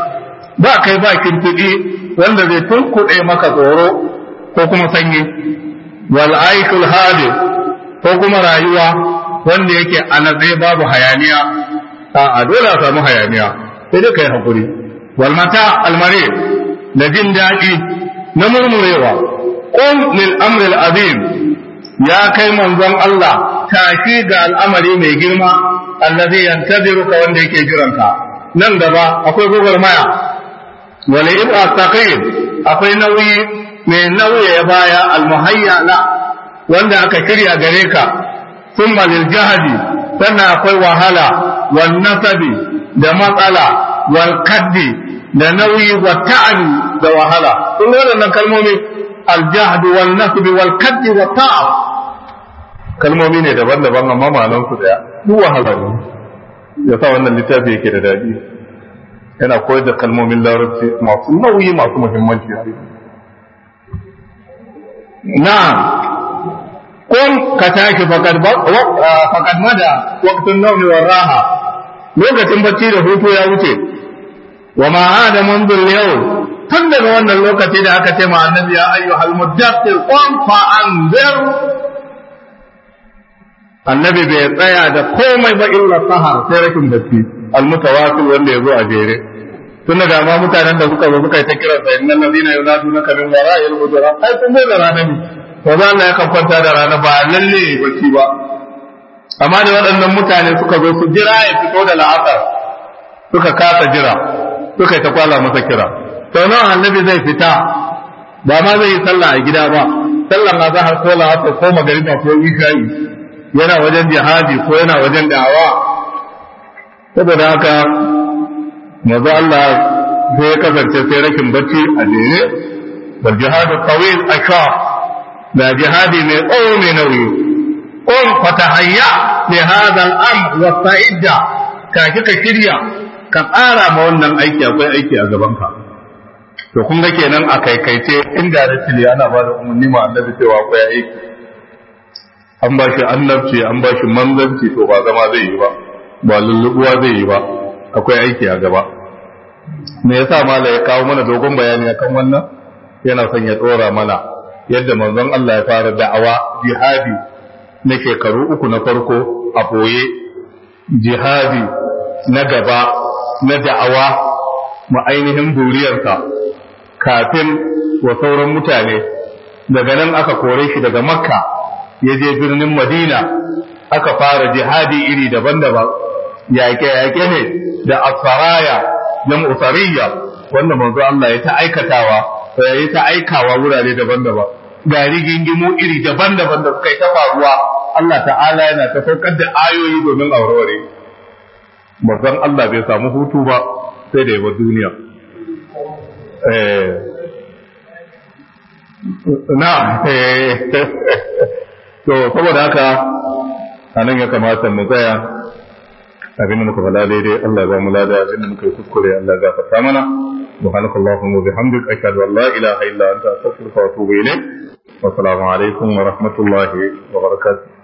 ba kai ba kintidi wanda zai tunkuɗe maka tsoro ko kuma sanyi wal aikul hadi ko kuma rayuwa wanda yake a natsaye babu hayaniya a dole a samu hayaniya sai dai kai hakuri wal mata al da jin daɗi na murmurewa qum lil amril azim ya kai manzon Allah tafi ga al'amari mai girma allazi yantaziruka wanda yake jiranka nan gaba akwai gwagwarmaya wala ibqa taqil akwai nauyi mai nauye ya baya al muhayyala wanda aka kirya gare ka thumma lil jahadi sannan akwai wahala wal nasabi da matsala wal kaddi da nauyi wa ta'abi da wahala kun waɗannan kalmomi al jahdu wal nasbi wal kaddi wa ta'ab kalmomi ne daban-daban amma malon su daya duk wahala ne ya sa wannan littafi yake da daɗi yana koyar da kalmomin larabci masu nauyi masu muhimmanci Na kun ka tashi fakad mada waktun nauni wa raha lokacin bacci da hutu ya wuce wa ma hada manzur yau tun daga wannan lokaci da aka ce ma annabi ya ayyuhal mudaththir qum fa anzir annabi bai tsaya da komai ba illa sahar sai rashin bacci almutawasil wanda ya zo a jere tun da ma mutanen da suka zo suka yi ta kiran sa innal ladina yunaduna ka min wara'il hujura ai kun da rana ne to ba Allah ya kwanta da rana ba lalle bacci ba amma da waɗannan mutane suka zo su jira ya fito da la'asar suka kasa jira suka yi ta kwala masa kira To nawa annabi zai fita ba ma zai yi sallah a gida ba Sallah ma za azhar ko la'asar ko magariba ko isha'i yana wajen jihadi ko yana wajen da'awa saboda haka maza Allah sai ya kasance sai rakin bacci a jere wal jihadu tawil asha da jihadi mai tsawo mai nauyi qul fatahayya li hadha al-amr wa sa'idda ka kika shirya ka tsara ma wannan aiki akwai aiki a gabanka. to kun ga kenan a kaikaice inda da ana ba da umarni ma annabi cewa akwai aiki an ba shi annabci an ba shi manzanci to ba zama zai yi ba ba lulluɓuwa zai yi ba akwai aiki a gaba me yasa mala ya kawo mana dogon bayani akan wannan yana son ya dora mana yadda manzon Allah ya fara da'awa jihadi na shekaru uku na farko a boye jihadi na gaba na da'awa ma ainihin duriyarsa kafin wa sauran mutane daga nan aka kore shi daga makka ya je birnin madina aka fara jihadi iri daban-daban yaƙe-yaƙe ne da asfaraya da sariya wanda manzo Allah ya ta aikatawa ya ta aikawa wurare daban-daban ga rigingimu iri daban-daban da suka yi ta faruwa Allah ta'ala yana ta saukar da ayoyi domin aurore Mazan Allah bai samu hutu ba sai da yaba duniya eh na eh to saboda haka anan ya kamata mu tsaya abin da muka fada daidai Allah ba mu lada abin da muka yi kuskure Allah ya fata mana subhanaka allahumma wa bihamdika ashhadu an la ilaha illa anta astaghfiruka wa atubu ilayk wa assalamu alaikum wa rahmatullahi wa barakatuh